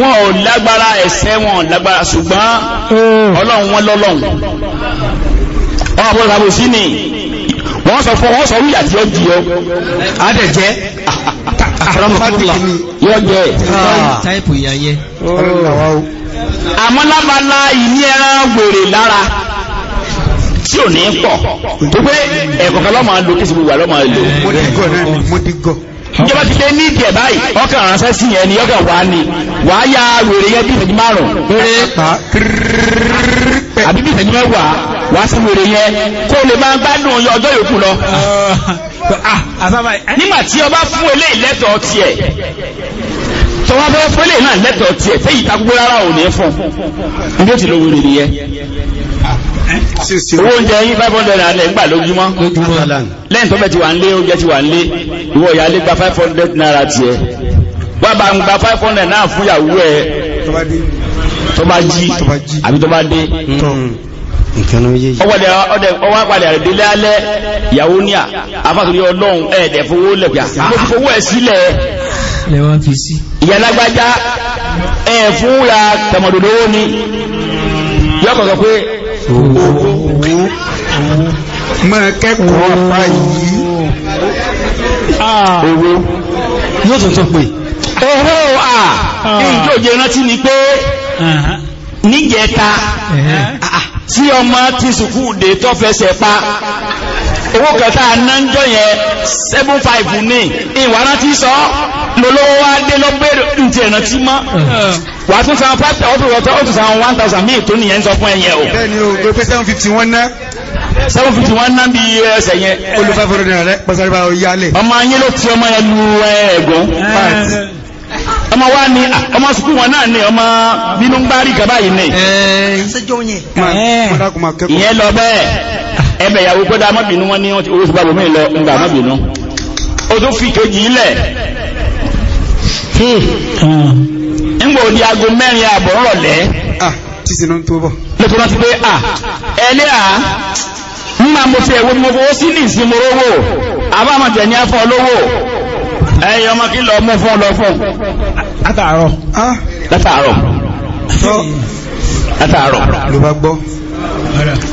wọn ò lágbára ẹ̀ṣẹ̀ wọn ò lágbára ṣùgbọ́n ọlọ́run wọn lọ́lọ́run wọn àbúrò àbòsí ni wọ́n sọ fún wọn sọ wíyà tí ó di ọ adẹ̀jẹ́ yóò jẹ́ táìpù ìyàyẹ àmọ́ lábala ìní ẹran gbèrè lára tí ò ní pọ̀ tó pé ẹ̀kọ̀kan lọ́mọ lò kí ṣùgbọ́n wà lọ́mọ lò ìjọba ti dé ní ìdíẹ̀ báyìí ọkàn ránṣẹ́ sí yẹn ni ọkàn wà ní wà á ya wèrè yẹn bí ìfẹ̀jú márùn-ún àbí bí ìfẹ̀jú mẹ́wàá wá sí wèrè yẹn kó lè máa gbádùn ọjọ́ yòókù lọ ah, nígbà tí ọba fún eléyìí lẹ́tọ̀ọ́ tiẹ̀ tọwọ́ bẹ́ẹ̀ fún eléyìí náà lẹ́tọ̀ọ́ tiẹ̀ fẹ́yìí takúgbó rárá ò ní fún un bí ó ti lo wèrè nìyẹn owó oúnjẹ yín five hundred naira na gbà lójúmọ́ lẹ́yìn tó bẹ̀ ti wà ń lé oúnjẹ ti wà ń lé ìwọ gba five hundred naira tiẹ̀ wà bá ń five hundred náà fún ìyàwó tó bá jí àbí tó bá dé ìkànnà yéyìí ọwọ́ padà rẹ̀ délé alẹ́ ìyàwó ní à afásorí ọlọ́run ẹ̀ẹ̀dẹ̀ fowó lẹ̀kùyà mo fi fowó ẹ̀ sílẹ̀ lẹ́wọ́n fi sí ìyàlágbájá ẹ̀ fúnra tọmọdòdó ní yọkọ̀kọ̀ pé mọ́ kẹ́kọ̀ọ́ ọ̀pá yìí ah. owó yóò tuntun pé owó à ní ah. ìjọ́ òjò rántí ni pé níjẹta ah, tí ọmọ ti sùkú dé tó fẹsẹ̀ pa owó kẹta anájọ́ yẹn 75 ní ìwárá tí sọ lọ́lọ́wọ́ wá dé lọ bẹ̀rẹ̀ ǹtí ẹ̀nà tí mọ́ wà tún san 5,000 ọ̀pọ̀lọpọ̀ ó tún san 1,000 míì tó nìyẹn sọ fún ẹ̀yẹ o bẹ́ẹ̀ni o gbé pé 750 wọ́n ná 751 náà bí ẹsẹ̀ yẹn olùfẹ́fẹ́ rẹ̀ pẹ̀sẹ̀ bá yálẹ̀ ọmọ ayé ló ti ọmọ ẹlú ẹ̀gbọ́n ọmọ wa ni ọmọ sukú wọn náà ni ọmọ bínú ń gbárí gaba yìí ni ìyẹn lọ ìyàwó kó wọn owó lọ ńgbà tó fi kejì ńgbà hmm. òdi aago mẹ́rin ààbọ̀ ńrọ̀lẹ́ ah, pé ah, ń máa mo fi ẹ̀wọ́ mo sí ní ìsinmi owó àbámọ̀tẹ̀ ní afọ́ olówó ẹ̀yìn ọmọ kí lọ mú fún lọ fún látàárọ̀ látàárọ̀ látàárọ̀ ló bá gbọ́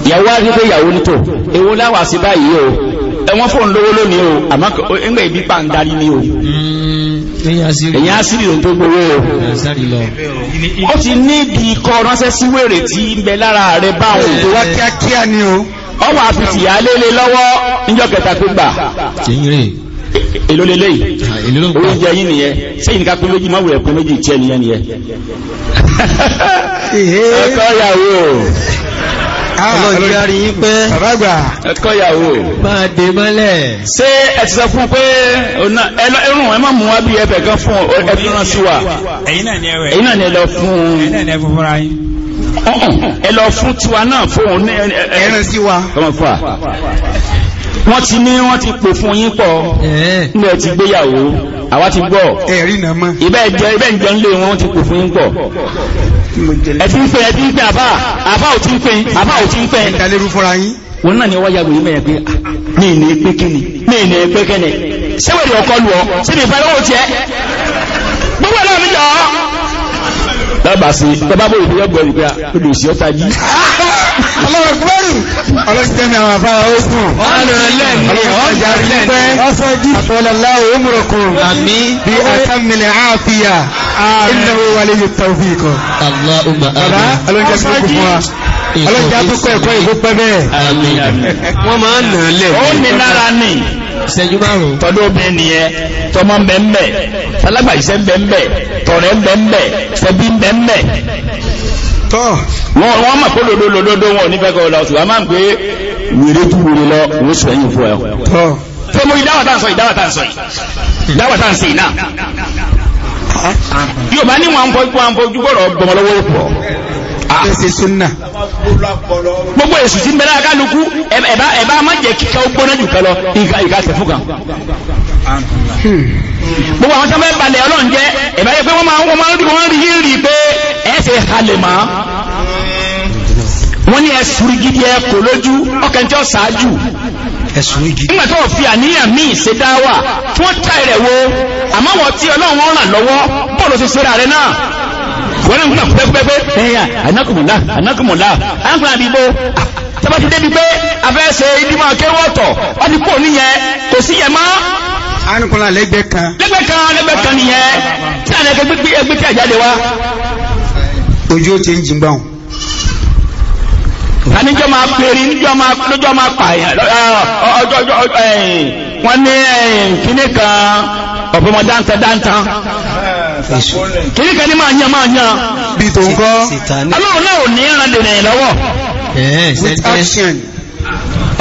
yàwó àríwé yàwó nítò èwo láwà sí báyìí o ẹwọ́n fún lówó lónìí o àmọ́ ẹgbẹ́ ibi pa ń darí ni o èyí á sí ìrìn tó gbowó o ti ní ibi ikọ̀ ránṣẹ́ sí wèrè tí ń bẹ lára rẹ tó wá kíákíá ni o ọwọ́ èlò lélẹ́ yìí ah, oúnjẹ yìí nìyẹn sẹ́yìn ká pín méjì máwùrẹ̀ pín méjì tí ẹniyẹn nìyẹn ẹ̀kọ́ ìyàwó ah, ọlọ́járí yí pé bàbágbà ẹ̀kọ́ ìyàwó máa dé mọ́lẹ̀ ṣé ẹ ti sọ fún pé ẹrùn ẹ má mú wá bí ẹbẹ̀ kan fún ẹbí rán sí wa ẹ̀yin náà ni ẹ lọ fún un ẹ lọ fún tiwa náà fún òun ẹ̀rìn sí wa wọ́n ti ní wọ́n ti pò fún yín pọ̀ eh. nílẹ̀ ti gbéyàwó àwa ti gbọ́ ibẹ̀ ń jọ ń lé wọn ti pò fún yín pọ̀ ẹ̀tí ń pè ẹ̀tí ń pè àbá àbá ò ti ń pè àbá ò ti ń pè ìdálérú fúnra yín wọn náà ni wáyà wòye mẹ́rin pé ah, ní ìní pé kíni ní ìní pé kíni ṣéwèrè ọkọ lù ọ síbi ìfẹ́lẹ́wò tiẹ̀ gbogbo ẹ̀rọ mi jọ. dábàá sí bàbá bòye bí wọ́n gbọ́ ẹ̀rí pé ah, olùsí ọ́ta yìí. ọlọ́rọ̀kúrẹ́rì ọlọ́sítẹ́mì àwọn àfáà ó sùn ọlọ́jà tó kọ́ ẹ̀kọ́ ìgbó pẹ́ bẹ́ẹ̀ wọ́n máa ń nà lẹ̀ ó ní lára ní ìṣẹ́jú márùn-ún tọ́dọ̀ obìnrin nìyẹn tọmọ bẹ́ẹ̀ bẹ́ẹ̀ alágbàṣẹ́ bẹ́ẹ̀ bẹ́ẹ̀ tọ̀rẹ́ bẹ́ẹ̀ bẹ́ẹ̀ sẹ́bí bẹ́ẹ̀ bẹ́ẹ̀ wọ́n mọ̀ pé lòdó lòdó wọn ní fẹ́kọ̀ọ́ lọ ṣùgbọ́n máa ń pé wèrè tú wèrè lọ wọ́n sọ ẹ̀yìn fún ẹ̀ tó mú ìdáwàtà ń sọ ìdáwàtà ń sọ ìdáwàtà ń sè náà yóò bá ní wọn fojú wọn fojú bọ̀rọ̀ gbọmọlọ́wọ́ pọ̀ ah. ẹsẹ̀ súnà gbogbo èsù tí ń bẹ̀rẹ̀ akálukú ẹ̀bá má jẹ́ kíkà ó gbóná jù kẹlọ ìka tẹ̀fún kan gbogbo àwọn sábẹ́ balẹ̀ ọlọ́run jẹ́ ẹ̀bá yẹ pé wọ́n máa ń rí rí pé ẹ̀ẹ́sẹ̀ halima, máa wọ́n ní ẹ̀sùrí gidi ẹ̀kọ́ lójú ọkẹ̀ntẹ́ ọ̀sáájú ẹ̀sùrí gidi nígbàtí wọ́n fi àníyàn míì ṣe dáwà tí wọ́n ta wo àmọ́ wọ́n tí ọlọ́run ràn lọ́wọ́ bọ́ọ̀lù ṣe ṣera rẹ̀ náà wọ́n náà ń gbà pẹ́pẹ́pẹ́ ẹ̀yà anákùmọ̀lá anákùmọ̀lá anákùmọ̀lá àbíbó tẹ́bá ti débi pé afẹ́ṣe ìdímọ̀ akéwọ́tọ̀ wọ́n ti kó níyẹn kò sí yẹn mọ́ lẹ́gbẹ̀ẹ́ kan lẹ́gbẹ̀ẹ́ kan lẹ́gbẹ̀ẹ́ kan nìyẹn tí àná ẹgbẹ́ tí àjáde wa ojú ó ti ń jìn gbọ́n aníjọ́ máa pèrè níjọ́ máa lójọ́ máa pààyàn ọjọ́ wọ́n ní kíní kan ọ̀pọ̀mọ̀ dáńtán dáńtán kíní kan ní máa yán máa yán bí tó ń kọ́ ọlọ́run náà ò ní ìrànlẹ̀ lọ́wọ́ with action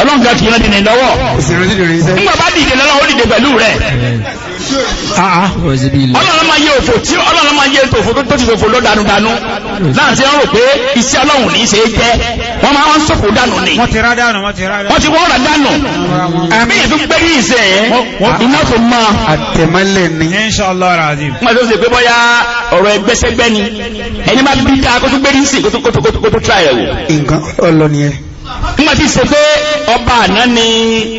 ọlọ́nkà ti rán dìde lọ́wọ́ nígbà bá dìde lọ́wọ́ ó dìde pẹ̀lú rẹ̀ ah, ah. ọlọ́run máa yẹ òfò tí ọlọ́run máa yẹ òfò tó ti fòfò lọ dànùdànù láti ń rò pé iṣẹ́ ọlọ́run ní í ṣe é jẹ́ wọ́n máa wọ́n sọ̀kò dànù ni wọ́n ti rá dànù wọ́n ti wọ́n rà dànù àbí ètò pé kí ìṣe iná tó ma. àtẹ̀mọ́lẹ̀ ni. wọ́n ti sọ pé bóyá ọ̀rọ̀ ẹgbẹ́sẹ̀gbẹ́ ni ẹni máa bí dáa kó tó gbé nígbàtí ṣe pé ọba àná ni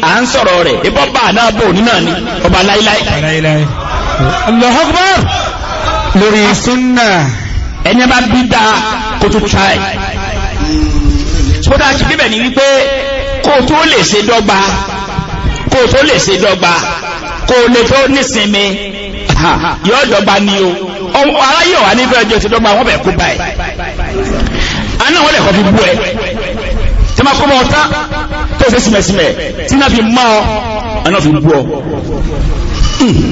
à ń sọ̀rọ̀ rẹ̀ ibọ́ ọba àná bò ní náà ọba láíláí Allahu Akbar lórí sunna ẹni bá bí dá kó tó try sódá ti bíbẹ̀ ni wípé kó tó lè ṣe dọ́gba kó tó lè ṣe dọ́gba kó lè tó nísinmi yóò dọ́gba ni o aráyè wà níbẹ̀ ọjọ́ ti dọ́gba bẹ̀ kú báyìí aná wọ́n lè kọ́ fi bú ẹ ma kó bọ́ ọ̀tá tó ṣe símẹ̀símẹ̀ tí náà fi mọ́ ọ ẹ̀nà fi bú ọ hmm.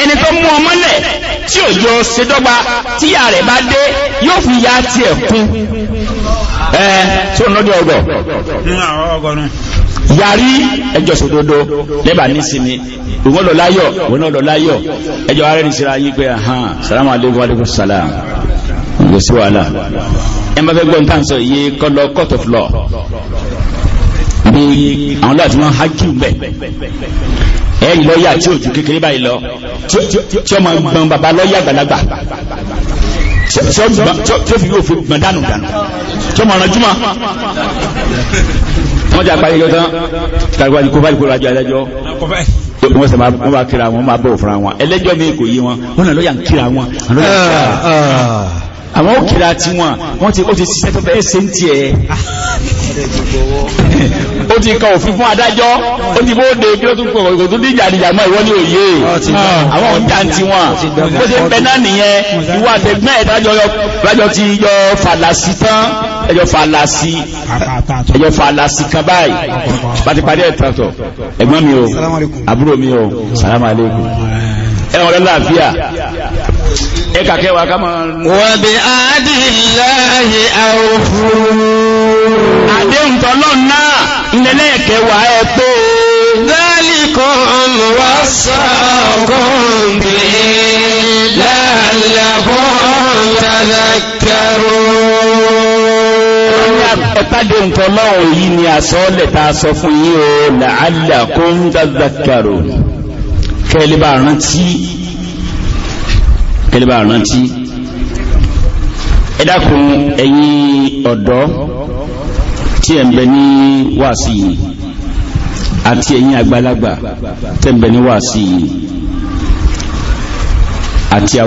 ẹni tó mú ọmọ lẹ̀ tí ò yọ ṣedọ́gba tí ìyá rẹ̀ bá dé yóò fi ya tiẹ̀ kún ẹ tó ń lọ́jọ́ ọgọ̀ yàrí ẹjọ́ sòdodo lẹ́bàá nísìnyí òun lọ láyọ̀ òun lọ láyọ̀ ẹjọ́ arẹ́rìnsíra yí pé salamu aleykum aleykum salam kò sí wàhálà ẹ má fẹ́ gbọ́n tán sọ iye kọlọ court of law bí àwọn láti wọn hájú bẹ̀ ẹ lọ́ọ̀yà tí òjò kékeré báyìí lọ tí ọmọ gbọ́n bàbá lọ́ọ̀yà àgbàlagbà tí ó fi yóò fi gbọ̀n dànù dànù tí ó mọ̀ ọ̀nà júmọ̀ wọ́n jà parí lọ́tán tàbí kó báyìí kó rájọ ẹlẹ́jọ́ wọ́n sọ wọ́n bá kíra wọn máa bọ̀ fúnra wọn ẹlẹ́jọ́ mi kò yé wọn wọ́n náà lọ́yà ń kíra wọn àwọn òkèrà tí wọn wọ́n ti ó ti ṣiṣẹ́ tó fẹ́ ṣe ń tiẹ̀ ó ti kọ òfin fún adájọ́ ó ti bóde kí ló tún pọ̀ kò tún díjà àdìjà ní òye àwọn ọ̀jà ti wọn bó ṣe bẹ náà nìyẹn ìwọ àtẹgbẹ́ ẹ̀ ti yọ fàlàsì tán ẹjọ́ fàlàsì ẹjọ́ fàlàsì kan báyìí pàtìpàdé ẹ̀ ẹ̀gbọ́n mi o àbúrò mi o sàlámù alaykum ẹ̀wọ̀n lọ́láàfíà ẹka kẹwàá ká máa mú. wọ́n bí adìláyé àwòfú. àdéhùn tọ́lọ́ náà nílẹ̀ kẹwàá ẹ pé. ذلكم وصاكم به لعلكم تذكرون ẹ̀pàdé yìí ni àsọ́ọ́lẹ̀ sọ fún yín o la'allakum tadhakkarun kẹ́lẹ́bà rántí kẹlẹ́bà rántí ẹ dákun ẹ̀yin ọ̀dọ́ tí ẹ̀ ń bẹ ní wàásì yìí àti ẹ̀yin àgbàlagbà tẹ́ ń bẹ ní wàásì yìí àti